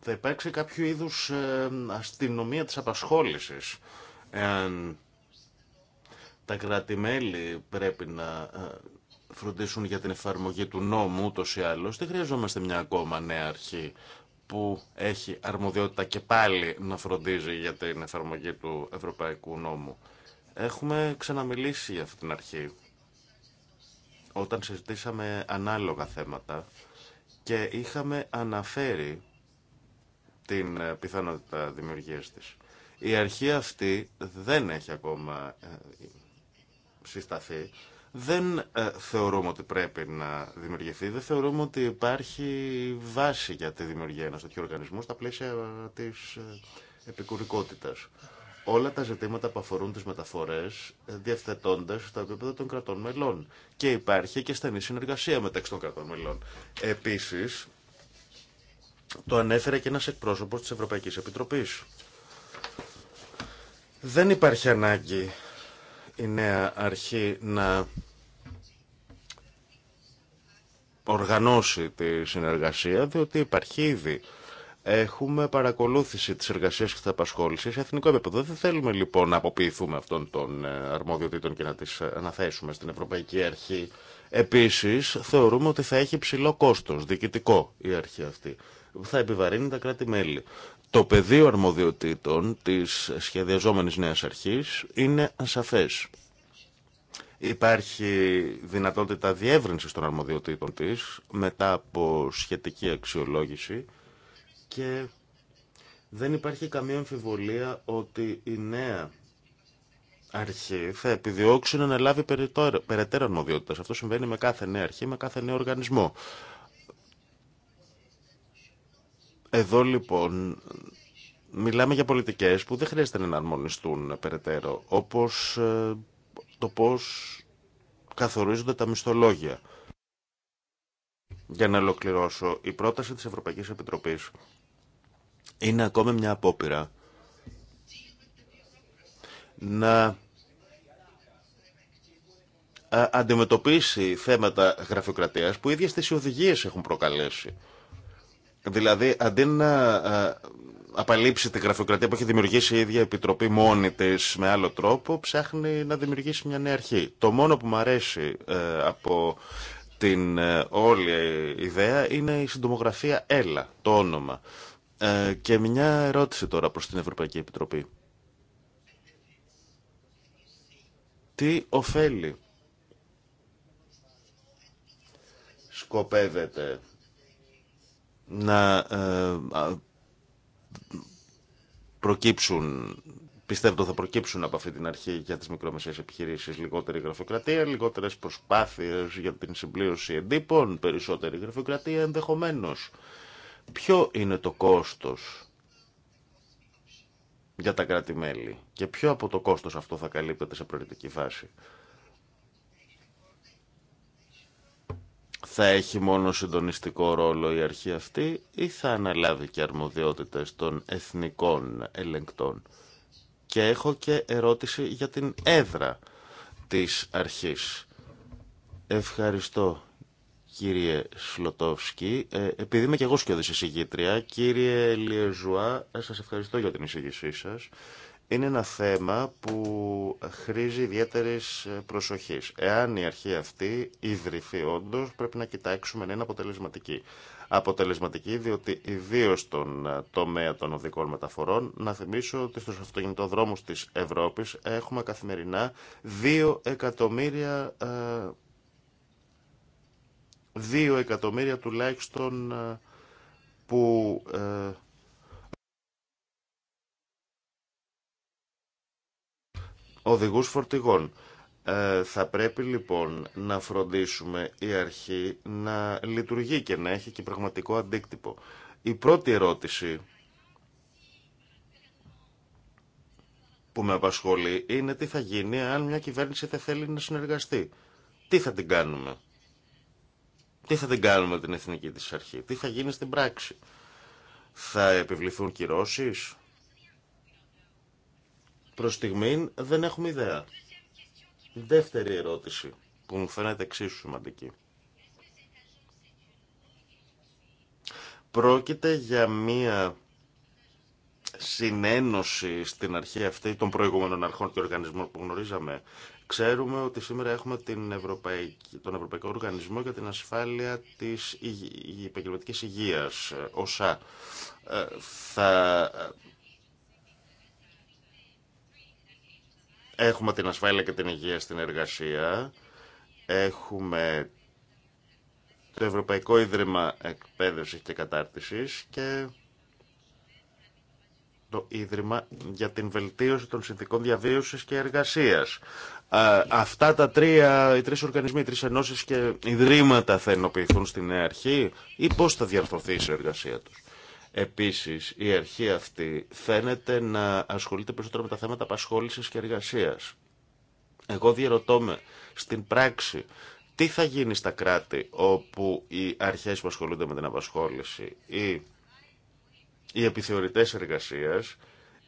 θα υπάρξει κάποιο είδους ε, αστυνομία της απασχόλησης. Εάν τα κρατη πρέπει να ε, φροντίσουν για την εφαρμογή του νόμου ούτως ή άλλως, δεν χρειαζόμαστε μια ακόμα νέα αρχή που έχει αρμοδιότητα και πάλι να φροντίζει για την εφαρμογή του ευρωπαϊκού νόμου. Έχουμε ξαναμιλήσει για αυτή την αρχή όταν συζητήσαμε ανάλογα θέματα και είχαμε αναφέρει την ε, πιθανότητα δημιουργίας της. Η αρχή αυτή δεν έχει ακόμα ε, συσταθεί δεν ε, θεωρούμε ότι πρέπει να δημιουργηθεί, δεν θεωρούμε ότι υπάρχει βάση για τη δημιουργία ενός τέτοιου οργανισμού στα πλαίσια της ε, επικουρικότητας. Όλα τα ζητήματα που αφορούν τις μεταφορές ε, διευθετώνται στα επίπεδα των κρατών μελών και υπάρχει και στενή συνεργασία μεταξύ των κρατών μελών. Επίσης, το ανέφερε και ένας εκπρόσωπος της Ευρωπαϊκής Επιτροπής. Δεν υπάρχει ανάγκη η νέα αρχή να οργανώσει τη συνεργασία, διότι υπάρχει ήδη. Έχουμε παρακολούθηση τη εργασία και τη απασχόληση σε εθνικό επίπεδο. Δεν θέλουμε λοιπόν να αποποιηθούμε αυτών των ε, αρμοδιοτήτων και να τι αναθέσουμε στην Ευρωπαϊκή Αρχή. Επίση, θεωρούμε ότι θα έχει ψηλό κόστο διοικητικό η αρχή αυτή, θα επιβαρύνει τα κράτη-μέλη. Το πεδίο αρμοδιοτήτων της σχεδιαζόμενης νέας αρχής είναι ασαφές. Υπάρχει δυνατότητα διεύρυνσης των αρμοδιοτήτων της μετά από σχετική αξιολόγηση και δεν υπάρχει καμία αμφιβολία ότι η νέα αρχή θα επιδιώξει να αναλάβει περαιτέρω αρμοδιότητα. Αυτό συμβαίνει με κάθε νέα αρχή, με κάθε νέο οργανισμό. Εδώ λοιπόν μιλάμε για πολιτικές που δεν χρειάζεται να αρμονιστούν περαιτέρω, όπως ε, το πώς καθορίζονται τα μισθολόγια. Για να ολοκληρώσω, η πρόταση της Ευρωπαϊκής Επιτροπής είναι ακόμη μια απόπειρα να ε, αντιμετωπίσει θέματα γραφειοκρατίας που οι ίδιες τις οδηγίες έχουν προκαλέσει. Δηλαδή, αντί να ε, απαλείψει την γραφειοκρατία που έχει δημιουργήσει η ίδια επιτροπή μόνη τη με άλλο τρόπο, ψάχνει να δημιουργήσει μια νέα αρχή. Το μόνο που μου αρέσει ε, από την ε, όλη ιδέα είναι η συντομογραφία ΕΛΑ, το όνομα. και μια ερώτηση τώρα προς την Ευρωπαϊκή Επιτροπή. Τι ωφέλει Σκοπεύεται να ε, προκύψουν πιστεύω ότι θα προκύψουν από αυτή την αρχή για τις μικρομεσαίες επιχειρήσεις λιγότερη γραφειοκρατία, λιγότερες προσπάθειες για την συμπλήρωση εντύπων, περισσότερη γραφειοκρατία ενδεχομένως. Ποιο είναι το κόστος για τα κράτη-μέλη και ποιο από το κόστος αυτό θα καλύπτεται σε προηγούμενη φάση. θα έχει μόνο συντονιστικό ρόλο η αρχή αυτή ή θα αναλάβει και αρμοδιότητες των εθνικών ελεγκτών. Και έχω και ερώτηση για την έδρα της αρχής. Ευχαριστώ κύριε Σλοτόφσκι. Ε, επειδή είμαι και εγώ σκιώδης εισηγήτρια, κύριε Λιεζουά, σας ευχαριστώ για την εισηγήσή σας είναι ένα θέμα που χρήζει ιδιαίτερη προσοχή. Εάν η αρχή αυτή ιδρυθεί όντω, πρέπει να κοιτάξουμε να είναι αποτελεσματική. Αποτελεσματική, διότι ιδίω στον τομέα των οδικών μεταφορών, να θυμίσω ότι στου αυτοκινητοδρόμου τη Ευρώπη έχουμε καθημερινά 2 εκατομμύρια. 2 ε, εκατομμύρια τουλάχιστον ε, που ε, οδηγούς φορτηγών. Ε, θα πρέπει λοιπόν να φροντίσουμε η αρχή να λειτουργεί και να έχει και πραγματικό αντίκτυπο. Η πρώτη ερώτηση που με απασχολεί είναι τι θα γίνει αν μια κυβέρνηση δεν θέλει να συνεργαστεί. Τι θα την κάνουμε. Τι θα την κάνουμε την εθνική της αρχή. Τι θα γίνει στην πράξη. Θα επιβληθούν κυρώσεις. Προς στιγμήν δεν έχουμε ιδέα. Δεύτερη ερώτηση που μου φαίνεται εξίσου σημαντική. Πρόκειται για μία συνένωση στην αρχή αυτή των προηγούμενων αρχών και οργανισμών που γνωρίζαμε. Ξέρουμε ότι σήμερα έχουμε την Ευρωπαϊκή, τον Ευρωπαϊκό Οργανισμό για την Ασφάλεια της Επαγγελματικής Υγείας, ώσα. Ε, ε, θα Έχουμε την ασφάλεια και την υγεία στην εργασία. Έχουμε το Ευρωπαϊκό Ίδρυμα Εκπαίδευσης και Κατάρτισης και το Ίδρυμα για την βελτίωση των συνθήκων διαβίωσης και εργασίας. αυτά τα τρία, οι τρεις οργανισμοί, οι τρεις ενώσεις και ιδρύματα θα ενοποιηθούν στην νέα αρχή ή πώς θα διαρθρωθεί η πως θα διαρθρωθει η εργασια τους. Επίσης, η αρχή αυτή φαίνεται να ασχολείται περισσότερο με τα θέματα απασχόλησης και εργασίας. Εγώ διαρωτώ με, στην πράξη, τι θα γίνει στα κράτη όπου οι αρχές που ασχολούνται με την απασχόληση ή οι επιθεωρητές εργασίας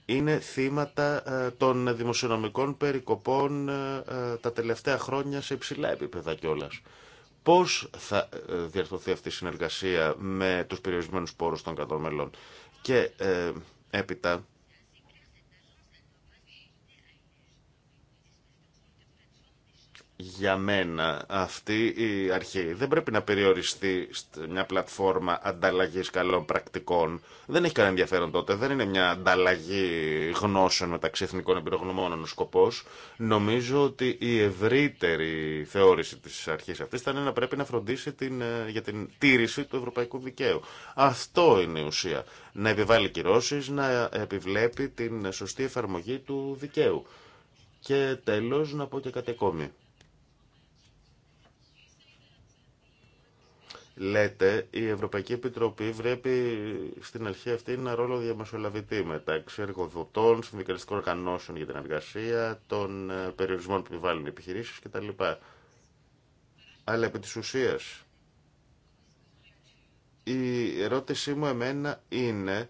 είναι θύματα ε, των δημοσιονομικών περικοπών ε, ε, τα τελευταία χρόνια σε υψηλά επίπεδα κιόλας πώς θα ε, διαρθωθεί αυτή η συνεργασία με τους περιορισμένους πόρους των κρατών Και ε, έπειτα για μένα αυτή η αρχή δεν πρέπει να περιοριστεί σε μια πλατφόρμα ανταλλαγή καλών πρακτικών. Δεν έχει κανένα ενδιαφέρον τότε, δεν είναι μια ανταλλαγή γνώσεων μεταξύ εθνικών εμπειρογνωμόνων ο σκοπό. Νομίζω ότι η ευρύτερη θεώρηση τη αρχή αυτή θα είναι να πρέπει να φροντίσει την, ε, για την τήρηση του ευρωπαϊκού δικαίου. Αυτό είναι η ουσία. Να επιβάλλει κυρώσει να επιβλέπει την σωστή εφαρμογή του δικαίου. Και τέλος να πω και κάτι ακόμη λέτε, η Ευρωπαϊκή Επιτροπή βρέπει στην αρχή αυτή ένα ρόλο διαμεσολαβητή μεταξύ εργοδοτών, συνδικαλιστικών οργανώσεων για την εργασία, των ε, περιορισμών που επιβάλλουν οι επιχειρήσεις κτλ. Αλλά επί τη ουσία, η ερώτησή μου εμένα είναι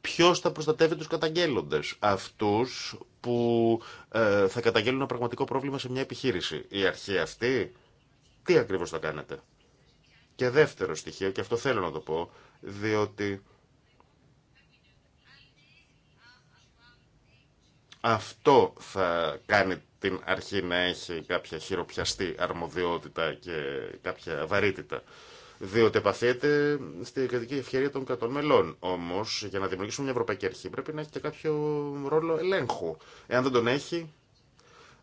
ποιο θα προστατεύει του καταγγέλλοντε, αυτού που ε, θα καταγγέλουν ένα πραγματικό πρόβλημα σε μια επιχείρηση. Η αρχή αυτή, τι ακριβώ θα κάνετε. Και δεύτερο στοιχείο, και αυτό θέλω να το πω, διότι αυτό θα κάνει την αρχή να έχει κάποια χειροπιαστή αρμοδιότητα και κάποια βαρύτητα. Διότι επαφιέται στη κρατική ευκαιρία των κρατών μελών. Όμω, για να δημιουργήσουμε μια ευρωπαϊκή αρχή πρέπει να έχει και κάποιο ρόλο ελέγχου. Εάν δεν τον έχει,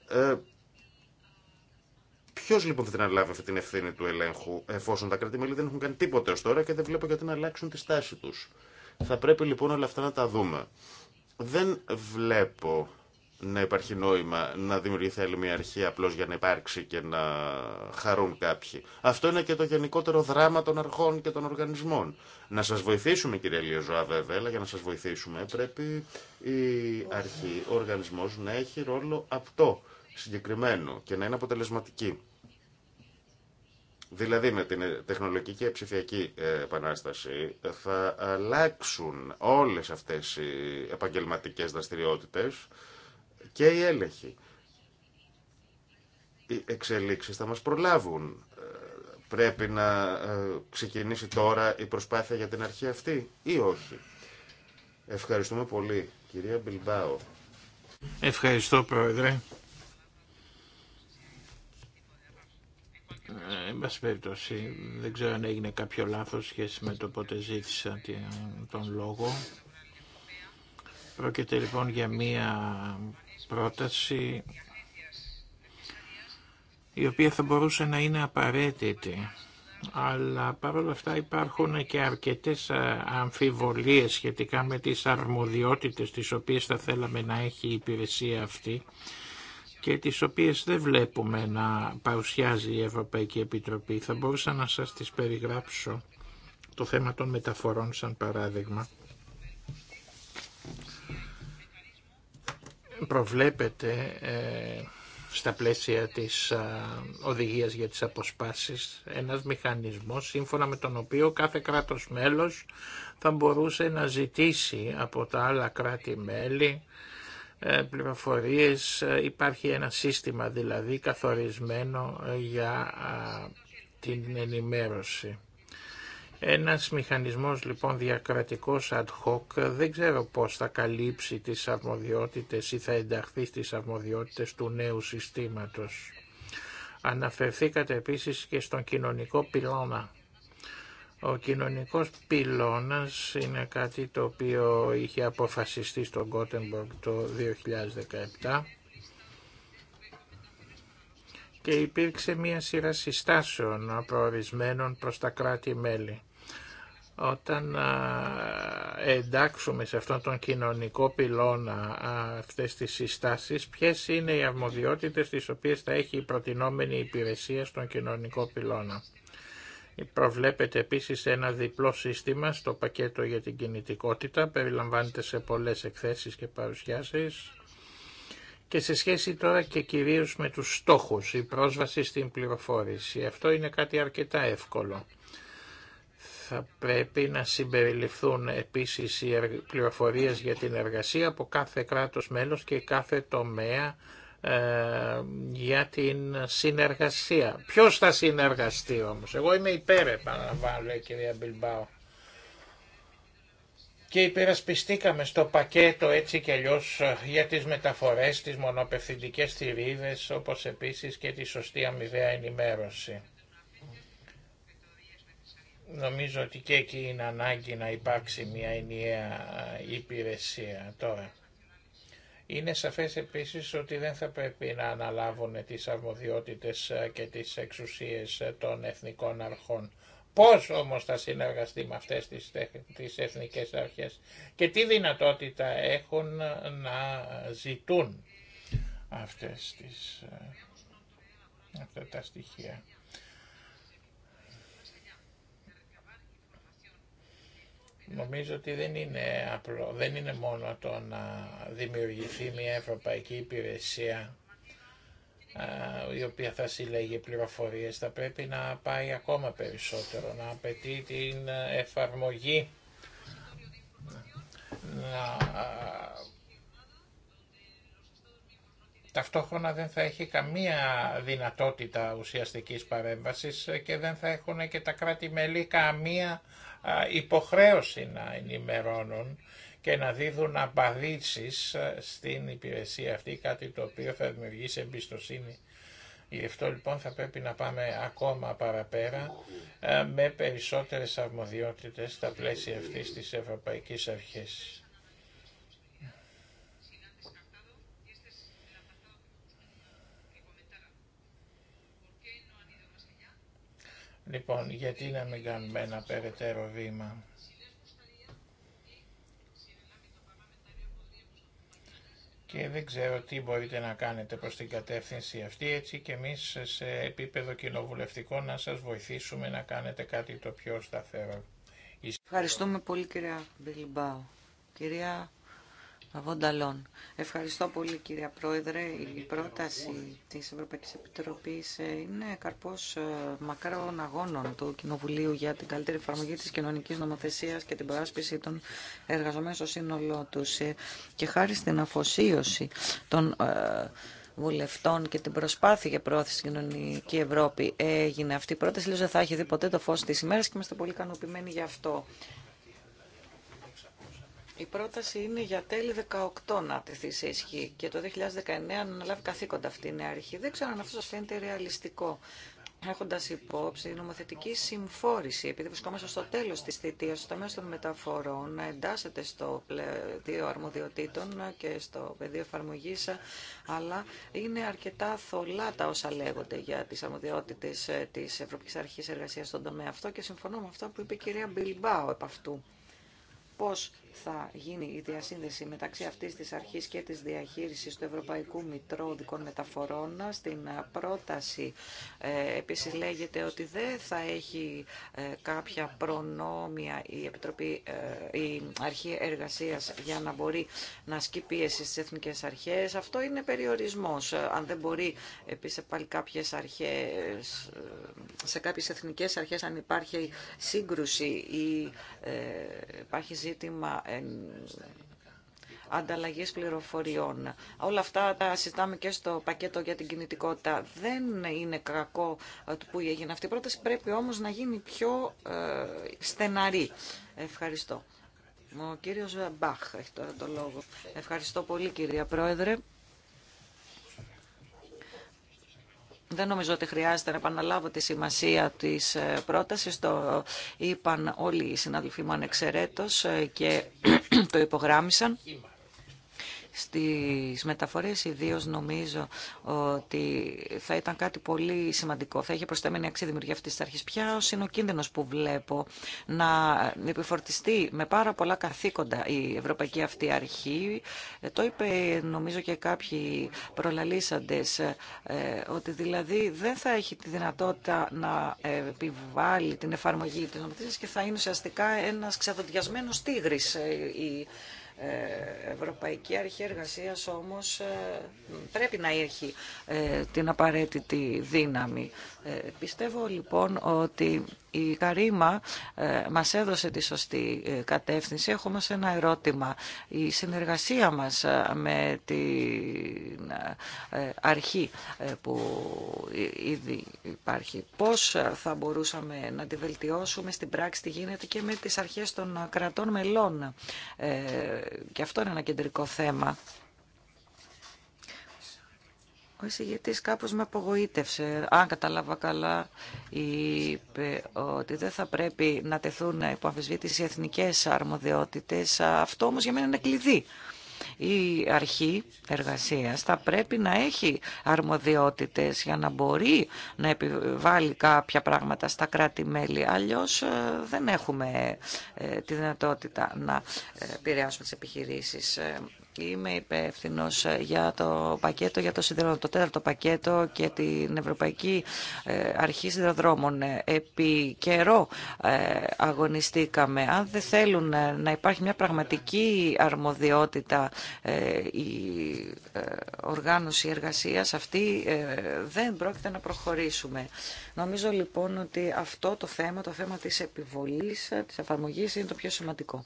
ε, Ποιο λοιπόν θα την αναλάβει αυτή την ευθύνη του ελέγχου, εφόσον τα κράτη-μέλη δεν έχουν κάνει τίποτε ω τώρα και δεν βλέπω γιατί να αλλάξουν τη στάση του. Θα πρέπει λοιπόν όλα αυτά να τα δούμε. Δεν βλέπω να υπάρχει νόημα να δημιουργηθεί άλλη μια αρχή απλώ για να υπάρξει και να χαρούν κάποιοι. Αυτό είναι και το γενικότερο δράμα των αρχών και των οργανισμών. Να σα βοηθήσουμε, κύριε Λιεζόα, βέβαια, αλλά για να σα βοηθήσουμε πρέπει η αρχή, ο οργανισμό να έχει ρόλο αυτό συγκεκριμένο και να είναι αποτελεσματική. Δηλαδή με την τεχνολογική και ψηφιακή ε, επανάσταση θα αλλάξουν όλες αυτές οι επαγγελματικές δραστηριότητες και οι έλεγχοι. Οι εξελίξεις θα μας προλάβουν. Ε, πρέπει να ε, ξεκινήσει τώρα η προσπάθεια για την αρχή αυτή ή όχι. Ευχαριστούμε πολύ. Κυρία Μπιλμπάο. Ευχαριστώ Πρόεδρε. Ε, εν πάση περιπτώσει, δεν ξέρω αν έγινε κάποιο λάθος σχέση με το πότε ζήτησα τον λόγο. Πρόκειται λοιπόν για μία πρόταση η οποία θα μπορούσε να είναι απαραίτητη. Αλλά παρόλα αυτά υπάρχουν και αρκετές ε, αμφιβολίες σχετικά με τις αρμοδιότητες τις οποίες θα θέλαμε να έχει η υπηρεσία αυτή και τις οποίες δεν βλέπουμε να παρουσιάζει η Ευρωπαϊκή Επιτροπή. Θα μπορούσα να σας τις περιγράψω το θέμα των μεταφορών σαν παράδειγμα. Προβλέπεται ε, στα πλαίσια της οδηγίας για τις αποσπάσεις ένας μηχανισμός σύμφωνα με τον οποίο κάθε κράτος μέλος θα μπορούσε να ζητήσει από τα άλλα κράτη-μέλη ε, πληροφορίες, ε, υπάρχει ένα σύστημα δηλαδή καθορισμένο ε, για την ενημέρωση. Ένας μηχανισμός λοιπόν διακρατικός ad hoc δεν ξέρω πώς θα καλύψει τις αρμοδιότητες ή θα ενταχθεί στις αρμοδιότητες του νέου συστήματος. Αναφερθήκατε επίσης και στον κοινωνικό πυλώνα. Ο κοινωνικός πυλώνας είναι κάτι το οποίο είχε αποφασιστεί στο Γκότεμπορκ το 2017 και υπήρξε μία σειρά συστάσεων προορισμένων προς τα κράτη-μέλη. Όταν εντάξουμε σε αυτόν τον κοινωνικό πυλώνα αυτές τις συστάσεις, ποιες είναι οι αρμοδιότητες τις οποίες θα έχει η προτινόμενη υπηρεσία στον κοινωνικό πυλώνα. Προβλέπεται επίσης ένα διπλό σύστημα στο πακέτο για την κινητικότητα, περιλαμβάνεται σε πολλές εκθέσεις και παρουσιάσεις. Και σε σχέση τώρα και κυρίως με τους στόχους, η πρόσβαση στην πληροφόρηση. Αυτό είναι κάτι αρκετά εύκολο. Θα πρέπει να συμπεριληφθούν επίσης οι πληροφορίες για την εργασία από κάθε κράτος μέλος και κάθε τομέα ε, για την συνεργασία. Ποιος θα συνεργαστεί όμως. Εγώ είμαι υπέρ επαναλαμβάνω λέει η κυρία Μπιλμπάου. Και υπερασπιστήκαμε στο πακέτο έτσι και αλλιώ για τις μεταφορές, τις μονοπευθυντικές θηρίδες, όπως επίσης και τη σωστή αμοιβαία ενημέρωση. Νομίζω ότι και εκεί είναι ανάγκη να υπάρξει μια ενιαία υπηρεσία τώρα. Είναι σαφές επίσης ότι δεν θα πρέπει να αναλάβουν τις αρμοδιότητες ε, και τις εξουσίες ε, των εθνικών αρχών. Πώς όμως θα συνεργαστεί με αυτές τις, εθνικές αρχές και τι δυνατότητα έχουν ε, να ζητούν αυτές τις, αυτά τα στοιχεία. Νομίζω ότι δεν είναι, απλό, δεν είναι μόνο το να δημιουργηθεί μια ευρωπαϊκή υπηρεσία η οποία θα συλλέγει πληροφορίες. Θα πρέπει να πάει ακόμα περισσότερο, να απαιτεί την εφαρμογή, να... Ταυτόχρονα δεν θα έχει καμία δυνατότητα ουσιαστικής παρέμβασης και δεν θα έχουν και τα κράτη-μέλη καμία υποχρέωση να ενημερώνουν και να δίδουν απαντήσεις στην υπηρεσία αυτή, κάτι το οποίο θα δημιουργήσει εμπιστοσύνη. Γι' αυτό λοιπόν θα πρέπει να πάμε ακόμα παραπέρα με περισσότερες αρμοδιότητες στα πλαίσια αυτής της Ευρωπαϊκής Αρχής. Λοιπόν, γιατί να μην κάνουμε ένα περαιτέρω βήμα. Και δεν ξέρω τι μπορείτε να κάνετε προς την κατεύθυνση αυτή, έτσι και εμείς σε επίπεδο κοινοβουλευτικό να σας βοηθήσουμε να κάνετε κάτι το πιο σταθερό. Ευχαριστούμε πολύ κυρία Μπιλμπάου. Κυρία Βονταλόν. Ευχαριστώ πολύ κυρία Πρόεδρε. Η πρόταση της Ευρωπαϊκής Επιτροπής ε, είναι καρπός ε, μακρών αγώνων του Κοινοβουλίου για την καλύτερη εφαρμογή της κοινωνικής νομοθεσίας και την παράσπιση των εργαζομένων στο σύνολό τους. Ε, και χάρη στην αφοσίωση των βουλευτών και την προσπάθεια για πρόθεση στην κοινωνική Ευρώπη έγινε αυτή η πρόταση. Λέω δεν θα έχει δει ποτέ το φως της ημέρας και είμαστε πολύ ικανοποιημένοι γι' αυτό. Η πρόταση είναι για τέλη 18 να τεθεί σε ισχύ και το 2019 να αναλάβει καθήκοντα αυτή η νέα αρχή. Δεν ξέρω αν αυτό σα φαίνεται ρεαλιστικό. Έχοντα υπόψη η νομοθετική συμφόρηση, επειδή βρισκόμαστε στο τέλο τη θητεία, στο μέσο των μεταφορών, να εντάσσεται στο πλαίσιο αρμοδιοτήτων και στο πεδίο εφαρμογή, αλλά είναι αρκετά θολά τα όσα λέγονται για τι αρμοδιότητε ε, τη Ευρωπαϊκή Αρχή Εργασία στον τομέα αυτό και συμφωνώ με αυτό που είπε η κυρία Μπιλμπάου επ' αυτού. Πώς θα γίνει η διασύνδεση μεταξύ αυτής της αρχής και της διαχείρισης του Ευρωπαϊκού Μητρώου Δικών Μεταφορών. Στην πρόταση ε, επίσης λέγεται ότι δεν θα έχει ε, κάποια προνόμια η, Επιτροπή, ε, η Αρχή Εργασίας για να μπορεί να ασκεί πίεση στις εθνικές αρχές. Αυτό είναι περιορισμός. Αν δεν μπορεί επίσης πάλι κάποιες αρχές, σε κάποιες εθνικές αρχές αν υπάρχει σύγκρουση ή υπάρχει ζήτημα ανταλλαγές πληροφοριών. Όλα αυτά τα συζητάμε και στο πακέτο για την κινητικότητα. Δεν είναι κακό ε, που έγινε αυτή η πρόταση, πρέπει όμως να γίνει πιο ε, στεναρή. Ευχαριστώ. Ο κύριος Μπαχ έχει τώρα το λόγο. Ευχαριστώ πολύ κυρία Πρόεδρε. Δεν νομίζω ότι χρειάζεται να επαναλάβω τη σημασία της ε, πρότασης. Το είπαν όλοι οι συναδελφοί μου ανεξαιρέτως ε, και το υπογράμμισαν στις μεταφορές ιδίω νομίζω ότι θα ήταν κάτι πολύ σημαντικό. Θα είχε προσταμένη αξία δημιουργία αυτής της αρχής. Ποια είναι ο κίνδυνος που βλέπω να επιφορτιστεί με πάρα πολλά καθήκοντα η Ευρωπαϊκή αυτή αρχή. Ε, το είπε νομίζω και κάποιοι προλαλήσαντες ε, ότι δηλαδή δεν θα έχει τη δυνατότητα να επιβάλλει την εφαρμογή της νομοθεσία και θα είναι ουσιαστικά ένας ξεδοντιασμένος τίγρης ε, η ε, Ευρωπαϊκή Αρχή Εργασίας όμως ε, πρέπει να έχει ε, την απαραίτητη δύναμη. Πιστεύω λοιπόν ότι η Καρίμα ε, μας έδωσε τη σωστή ε, κατεύθυνση. Έχω σε ένα ερώτημα. Η συνεργασία μας ε, με την αρχή που ήδη υπάρχει, πώς θα μπορούσαμε να τη βελτιώσουμε στην πράξη, τι γίνεται και με τις αρχές των κρατών μελών. Και αυτό είναι ένα κεντρικό θέμα ο εισηγητής κάπως με απογοήτευσε. Αν κατάλαβα καλά, είπε ότι δεν θα πρέπει να τεθούν υπό αμφισβήτηση οι εθνικές αρμοδιότητες. Αυτό όμως για μένα είναι κλειδί. Η αρχή εργασίας θα πρέπει να έχει αρμοδιότητες για να μπορεί να επιβάλλει κάποια πράγματα στα κράτη-μέλη. Αλλιώς ε, δεν έχουμε ε, τη δυνατότητα να ε, επηρεάσουμε τις επιχειρήσεις. Είμαι υπεύθυνο ε, για το πακέτο, για το, σιδερο, τέταρτο πακέτο και την Ευρωπαϊκή ε, Αρχή Σιδηροδρόμων. Ε, επί καιρό αγωνιστήκαμε. Αν δεν θέλουν να υπάρχει μια πραγματική αρμοδιότητα η οργάνωση εργασίας αυτή, δεν πρόκειται να προχωρήσουμε. Νομίζω λοιπόν ότι αυτό το θέμα, το θέμα της επιβολής, της εφαρμογή, είναι το πιο σημαντικό.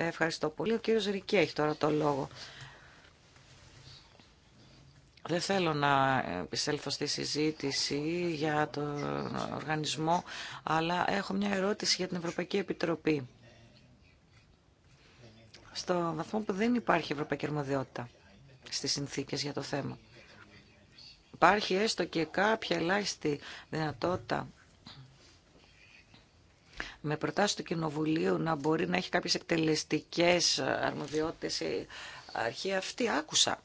Ευχαριστώ πολύ. Ο κύριος Ρικέ έχει τώρα το λόγο. Δεν θέλω να επισέλθω στη συζήτηση για τον οργανισμό, αλλά έχω μια ερώτηση για την Ευρωπαϊκή Επιτροπή. Στο βαθμό που δεν υπάρχει Ευρωπαϊκή Αρμοδιότητα στις συνθήκες για το θέμα. Υπάρχει έστω και κάποια ελάχιστη δυνατότητα με προτάσει του Κοινοβουλίου να μπορεί να έχει κάποιες εκτελεστικές αρμοδιότητες αρχή αυτή άκουσα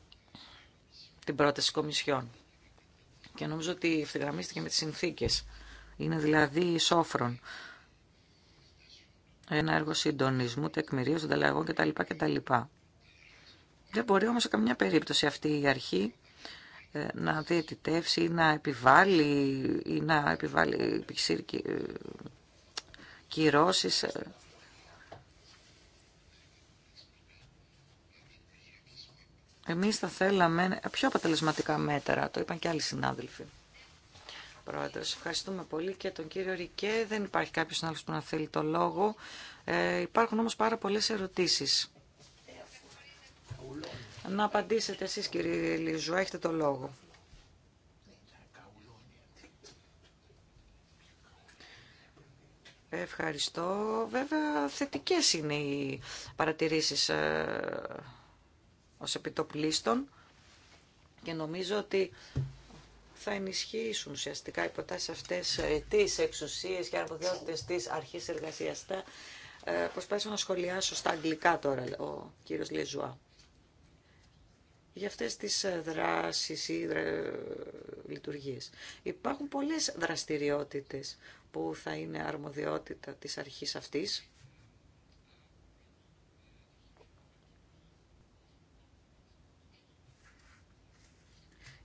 την πρόταση Κομισιόν και νομίζω ότι ευθυγραμμίστηκε με τις συνθήκες. Είναι δηλαδή σόφρον. Ένα έργο συντονισμού, τεκμηρίου, ανταλλαγών κτλ. κτλ. Δεν μπορεί όμως σε καμιά περίπτωση αυτή η αρχή ε, να διαιτητεύσει ή να επιβάλλει ή να επιβάλλει ε, κυρώσεις ε. Εμείς θα θέλαμε πιο αποτελεσματικά μέτρα, το είπαν και άλλοι συνάδελφοι. Πρόεδρος, ευχαριστούμε πολύ και τον κύριο Ρικέ. Δεν υπάρχει κάποιος άλλος που να θέλει το λόγο. Ε, υπάρχουν όμως πάρα πολλές ερωτήσεις. Να απαντήσετε εσείς κύριε Λίζου. έχετε το λόγο. Ευχαριστώ. Βέβαια θετικές είναι οι παρατηρήσεις ε, ως επιτοπλίστων και νομίζω ότι θα ενισχύσουν ουσιαστικά οι προτάσεις αυτές ε, τις εξουσίες και αρμοδιότητες της αρχής εργασίας. Ε, προσπάθησα να σχολιάσω στα αγγλικά τώρα ο κύριος Λεζουά για αυτές τις ε, δράσεις ή λειτουργίες. Υπάρχουν πολλές δραστηριότητες που θα είναι αρμοδιότητα της αρχής αυτής.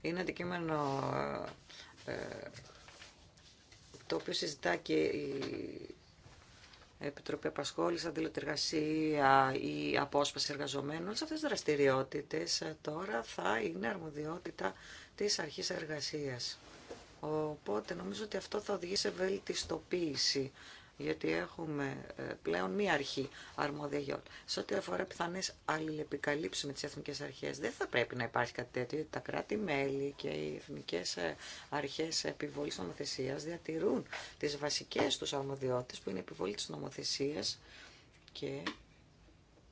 Είναι αντικείμενο ε, ε, το οποίο συζητά και η Επιτροπή Απασχόληση, Εργασία ή Απόσπαση Εργαζομένων. Όλε αυτέ τι δραστηριότητε ε, τώρα θα είναι αρμοδιότητα τη αρχή εργασία. Οπότε νομίζω ότι αυτό θα οδηγήσει σε βελτιστοποίηση γιατί έχουμε ε, πλέον μία αρχή αρμόδια Σε ό,τι αφορά πιθανέ αλληλεπικαλύψει με τι εθνικέ αρχέ, δεν θα πρέπει να υπάρχει κάτι τέτοιο. Τα κράτη-μέλη και οι εθνικέ ε, αρχέ επιβολή νομοθεσία διατηρούν τι βασικέ του αρμοδιότητε, που είναι η επιβολή τη νομοθεσία και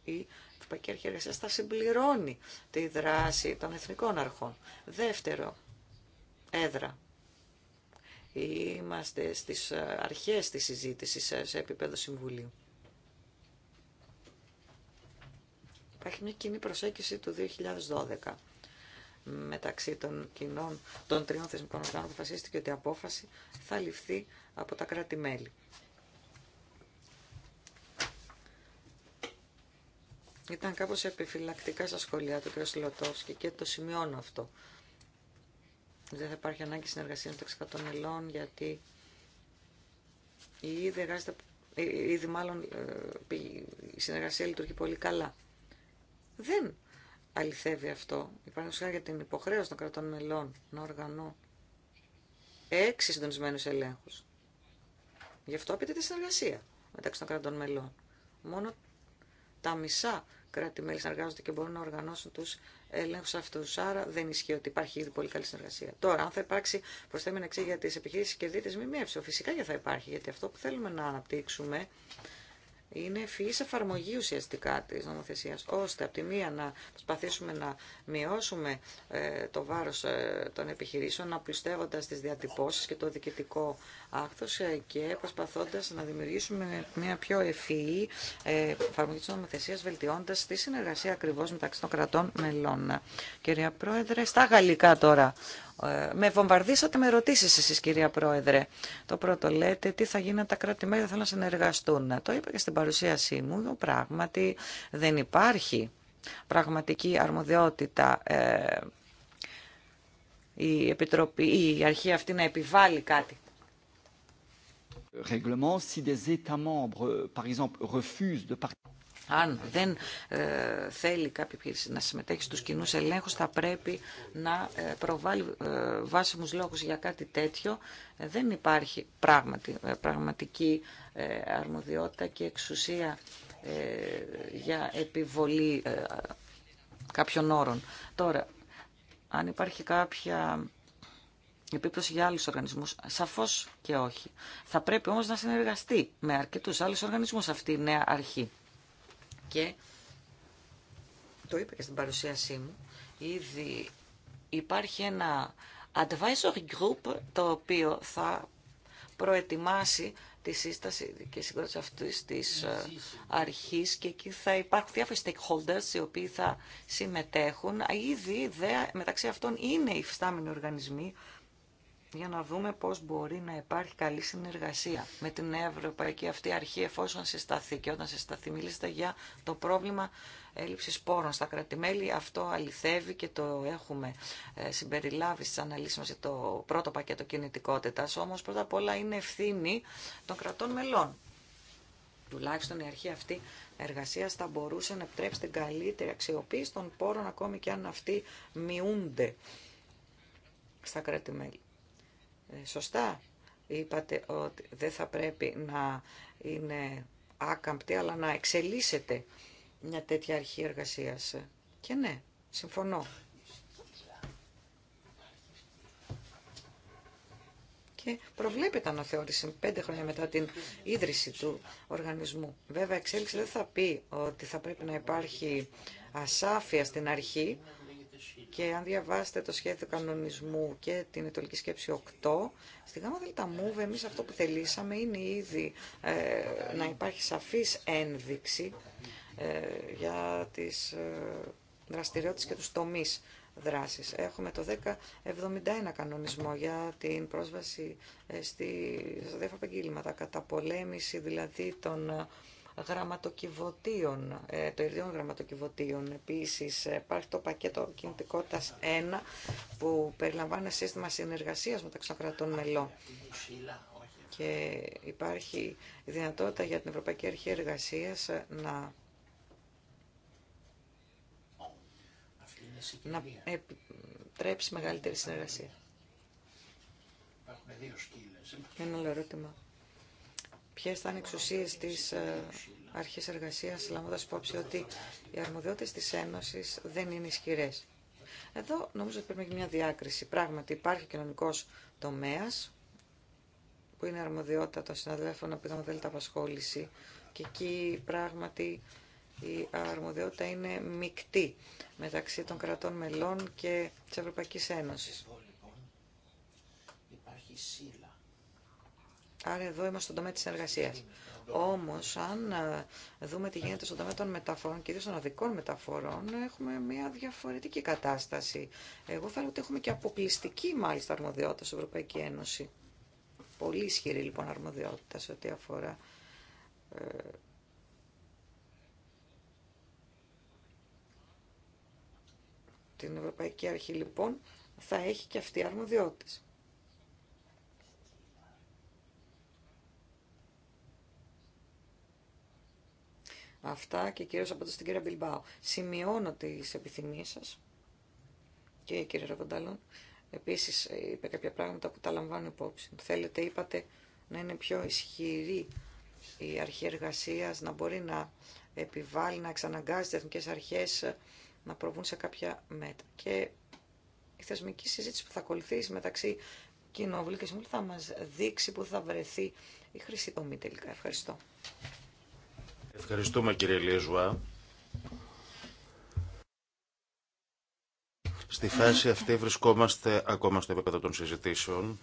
η Ευρωπαϊκή Αρχή Εργασία θα συμπληρώνει τη δράση των εθνικών αρχών. Δεύτερο, έδρα. Είμαστε στις ε, αρχές της συζήτησης ε, σε επίπεδο Συμβουλίου. Υπάρχει μια κοινή προσέγγιση του 2012 μεταξύ των κοινών των τριών θεσμικών οργάνων αποφασίστηκε ότι η απόφαση θα ληφθεί από τα κράτη-μέλη. Ήταν κάπως επιφυλακτικά στα σχολεία του κ. Λοτόφσκη και το σημειώνω αυτό. Δεν θα υπάρχει ανάγκη συνεργασία μεταξύ κρατών μελών γιατί ήδη, εργάζεται, ε, ήδη μάλλον ε, η συνεργασία λειτουργεί πολύ καλά. Δεν αληθεύει αυτό. Υπάρχει για την υποχρέωση των κρατών μελών να οργανώ έξι συντονισμένου ελέγχου. Γι' αυτό απαιτείται συνεργασία μεταξύ των κρατών μελών. Μόνο τα μισά κράτη-μέλη συνεργάζονται και μπορούν να οργανώσουν του ελέγχου αυτού. Άρα δεν ισχύει ότι υπάρχει ήδη πολύ καλή συνεργασία. Τώρα, αν θα υπάρξει προσθέμενη αξία για τι επιχειρήσει και δίτε ΜΜΕ, φυσικά και θα υπάρχει, γιατί αυτό που θέλουμε να αναπτύξουμε είναι φυγή εφαρμογή ουσιαστικά τη νομοθεσία, ώστε από τη μία να προσπαθήσουμε να μειώσουμε ε, το βάρο ε, των επιχειρήσεων, απλουστεύοντα τι διατυπώσει και το διοικητικό ε, και προσπαθώντας να δημιουργήσουμε μια πιο ευφυή ε, εφαρμογή της νομοθεσίας βελτιώντας τη συνεργασία ακριβώς μεταξύ των κρατών μελών. Κυρία Πρόεδρε, στα γαλλικά τώρα. Ε, με βομβαρδίσατε με ερωτήσει εσεί, κυρία Πρόεδρε. Το πρώτο λέτε τι θα γίνει αν τα κράτη-μέλη θέλουν να συνεργαστούν. Το είπα και στην παρουσίασή μου, πράγματι δεν υπάρχει πραγματική αρμοδιότητα η, Επιτροπή, η αρχή αυτή να επιβάλλει κάτι règlement si des États membres, euh, par Αν δεν ε, θέλει κάποια να συμμετέχει στους κοινούς ελέγχους, θα πρέπει να ε, προβάλλει ε, βάσιμους λόγους για κάτι τέτοιο. Ε, δεν υπάρχει πράγματι, πραγματική αρμοδιότητα και εξουσία για επιβολή κάποιων όρων. Τώρα, αν υπάρχει κάποια επίπτωση για άλλους οργανισμούς. Σαφώς και όχι. Θα πρέπει όμως να συνεργαστεί με αρκετού άλλους οργανισμούς αυτή η νέα αρχή. Και το είπα και στην παρουσίασή μου, ήδη υπάρχει ένα advisory group το οποίο θα προετοιμάσει τη σύσταση και συγκρότηση αυτή τη ε, αρχής και εκεί θα υπάρχουν διάφοροι stakeholders οι οποίοι θα συμμετέχουν. Ήδη ιδέα μεταξύ αυτών είναι οι φυστάμενοι οργανισμοί για να δούμε πώς μπορεί να υπάρχει καλή συνεργασία με την Ευρωπαϊκή αυτή αρχή εφόσον συσταθεί και όταν συσταθεί μιλήσετε για το πρόβλημα έλλειψη πόρων στα κρατημέλη. Αυτό αληθεύει και το έχουμε ε, συμπεριλάβει στις αναλύσεις μας για το πρώτο πακέτο κινητικότητας. Όμως πρώτα απ' όλα είναι ευθύνη των κρατών μελών. Τουλάχιστον η αρχή αυτή εργασία θα μπορούσε να επιτρέψει την καλύτερη αξιοποίηση των πόρων ακόμη και αν αυτοί μειούνται στα κρατη ε, σωστά είπατε ότι δεν θα πρέπει να είναι άκαμπτη, αλλά να εξελίσσεται μια τέτοια αρχή εργασίας. Και ναι, συμφωνώ. Και προβλέπεται αναθεώρηση πέντε χρόνια μετά την ίδρυση του οργανισμού. Βέβαια, εξέλιξη δεν θα πει ότι θα πρέπει να υπάρχει ασάφεια στην αρχή, και αν διαβάσετε το σχέδιο κανονισμού και την ετολική σκέψη 8, στη γάμα δελτα μούβ εμείς αυτό που θελήσαμε είναι ήδη ε, να υπάρχει σαφής ένδειξη ε, για τις ε, δραστηριότητες και τους τομείς δράσης. Έχουμε το 1071 κανονισμό για την πρόσβαση ε, στη, στα διάφορα επαγγείλματα, πολέμηση, δηλαδή των γραμματοκιβωτίων, ε, το ιδίων γραμματοκιβωτίων. Επίσης ε, υπάρχει το πακέτο κινητικότητας 1 που περιλαμβάνει σύστημα συνεργασίας μεταξύ των κρατών μελών. Και υπάρχει δυνατότητα για την Ευρωπαϊκή Αρχή Εργασίας να να επιτρέψει μεγαλύτερη συνεργασία. Υπάρχουν δύο σκύλες. Ένα άλλο ερώτημα. Ποιε θα είναι εξουσίε της ε, αρχή εργασία, λαμβάνοντας υπόψη ότι οι αρμοδιότητε τη Ένωση δεν είναι ισχυρέ. Εδώ νομίζω ότι πρέπει να μια διάκριση. Πράγματι υπάρχει κοινωνικό τομέα που είναι αρμοδιότητα των συναδέλφων από την ΔΕΛΤΑ Απασχόληση και εκεί πράγματι η αρμοδιότητα είναι μεικτή μεταξύ των κρατών μελών και της Ευρωπαϊκής Ένωσης. Άρα εδώ είμαστε στον τομέα της εργασίας. Όμως, αν ε, δούμε τι γίνεται στον τομέα των μεταφορών, κυρίως των οδικών μεταφορών, έχουμε μια διαφορετική κατάσταση. Εγώ θα ότι έχουμε και αποκλειστική μάλιστα αρμοδιότητα στην Ευρωπαϊκή Ένωση. Πολύ ισχυρή λοιπόν αρμοδιότητα σε ό,τι αφορά ε, την Ευρωπαϊκή Αρχή λοιπόν θα έχει και αυτή αρμοδιότητες. Αυτά και κυρίως από την κυρία Μπιλμπάου. Σημειώνω τις επιθυμίες σας και η κυρία Επίσης είπε κάποια πράγματα που τα λαμβάνω υπόψη. Θέλετε, είπατε, να είναι πιο ισχυρή η αρχή εργασία, να μπορεί να επιβάλλει, να εξαναγκάζει τι εθνικές αρχές να προβούν σε κάποια μέτρα. Και η θεσμική συζήτηση που θα ακολουθήσει μεταξύ κοινόβουλου και συμβουλού θα μας δείξει που θα βρεθεί η χρυσή τομή τελικά. Ευχαριστώ. Ευχαριστούμε κύριε Λίζουα. Στη φάση αυτή βρισκόμαστε ακόμα στο επίπεδο των συζητήσεων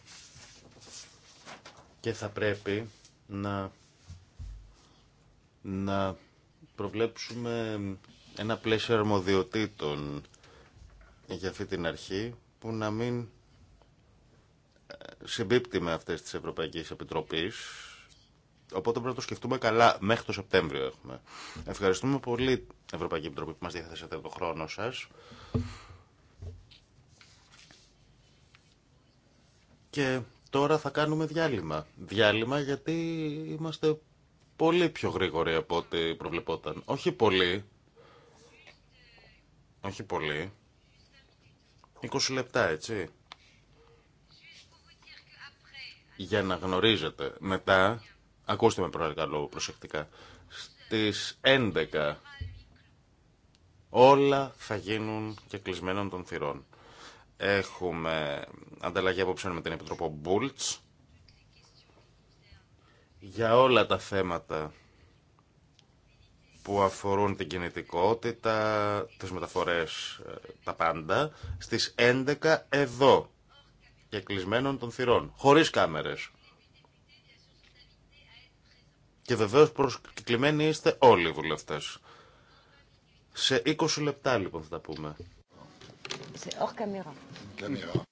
και θα πρέπει να, να προβλέψουμε ένα πλαίσιο αρμοδιοτήτων για αυτή την αρχή που να μην ε, συμπίπτει με αυτές της Ευρωπαϊκής Επιτροπής Οπότε πρέπει να το σκεφτούμε καλά. Μέχρι το Σεπτέμβριο έχουμε. Ευχαριστούμε πολύ, Ευρωπαϊκή Επιτροπή, που μα διαθέσατε το χρόνο σα. Και τώρα θα κάνουμε διάλειμμα. Διάλειμμα γιατί είμαστε πολύ πιο γρήγοροι από ό,τι προβλεπόταν. Όχι πολύ. Όχι πολύ. 20 λεπτά, έτσι. Για να γνωρίζετε. Μετά Ακούστε με παρακαλώ προσεκτικά. Στις 11 όλα θα γίνουν και κλεισμένων των θυρών. Έχουμε ανταλλαγή απόψεων με την Επιτροπό Μπούλτς για όλα τα θέματα που αφορούν την κινητικότητα, τις μεταφορές, ε, τα πάντα, στις 11 εδώ και κλεισμένων των θυρών, χωρίς κάμερες. Και βεβαίως προσκεκλημένοι είστε όλοι οι βουλευτές. Σε 20 λεπτά λοιπόν θα τα πούμε. Σε hors caméra.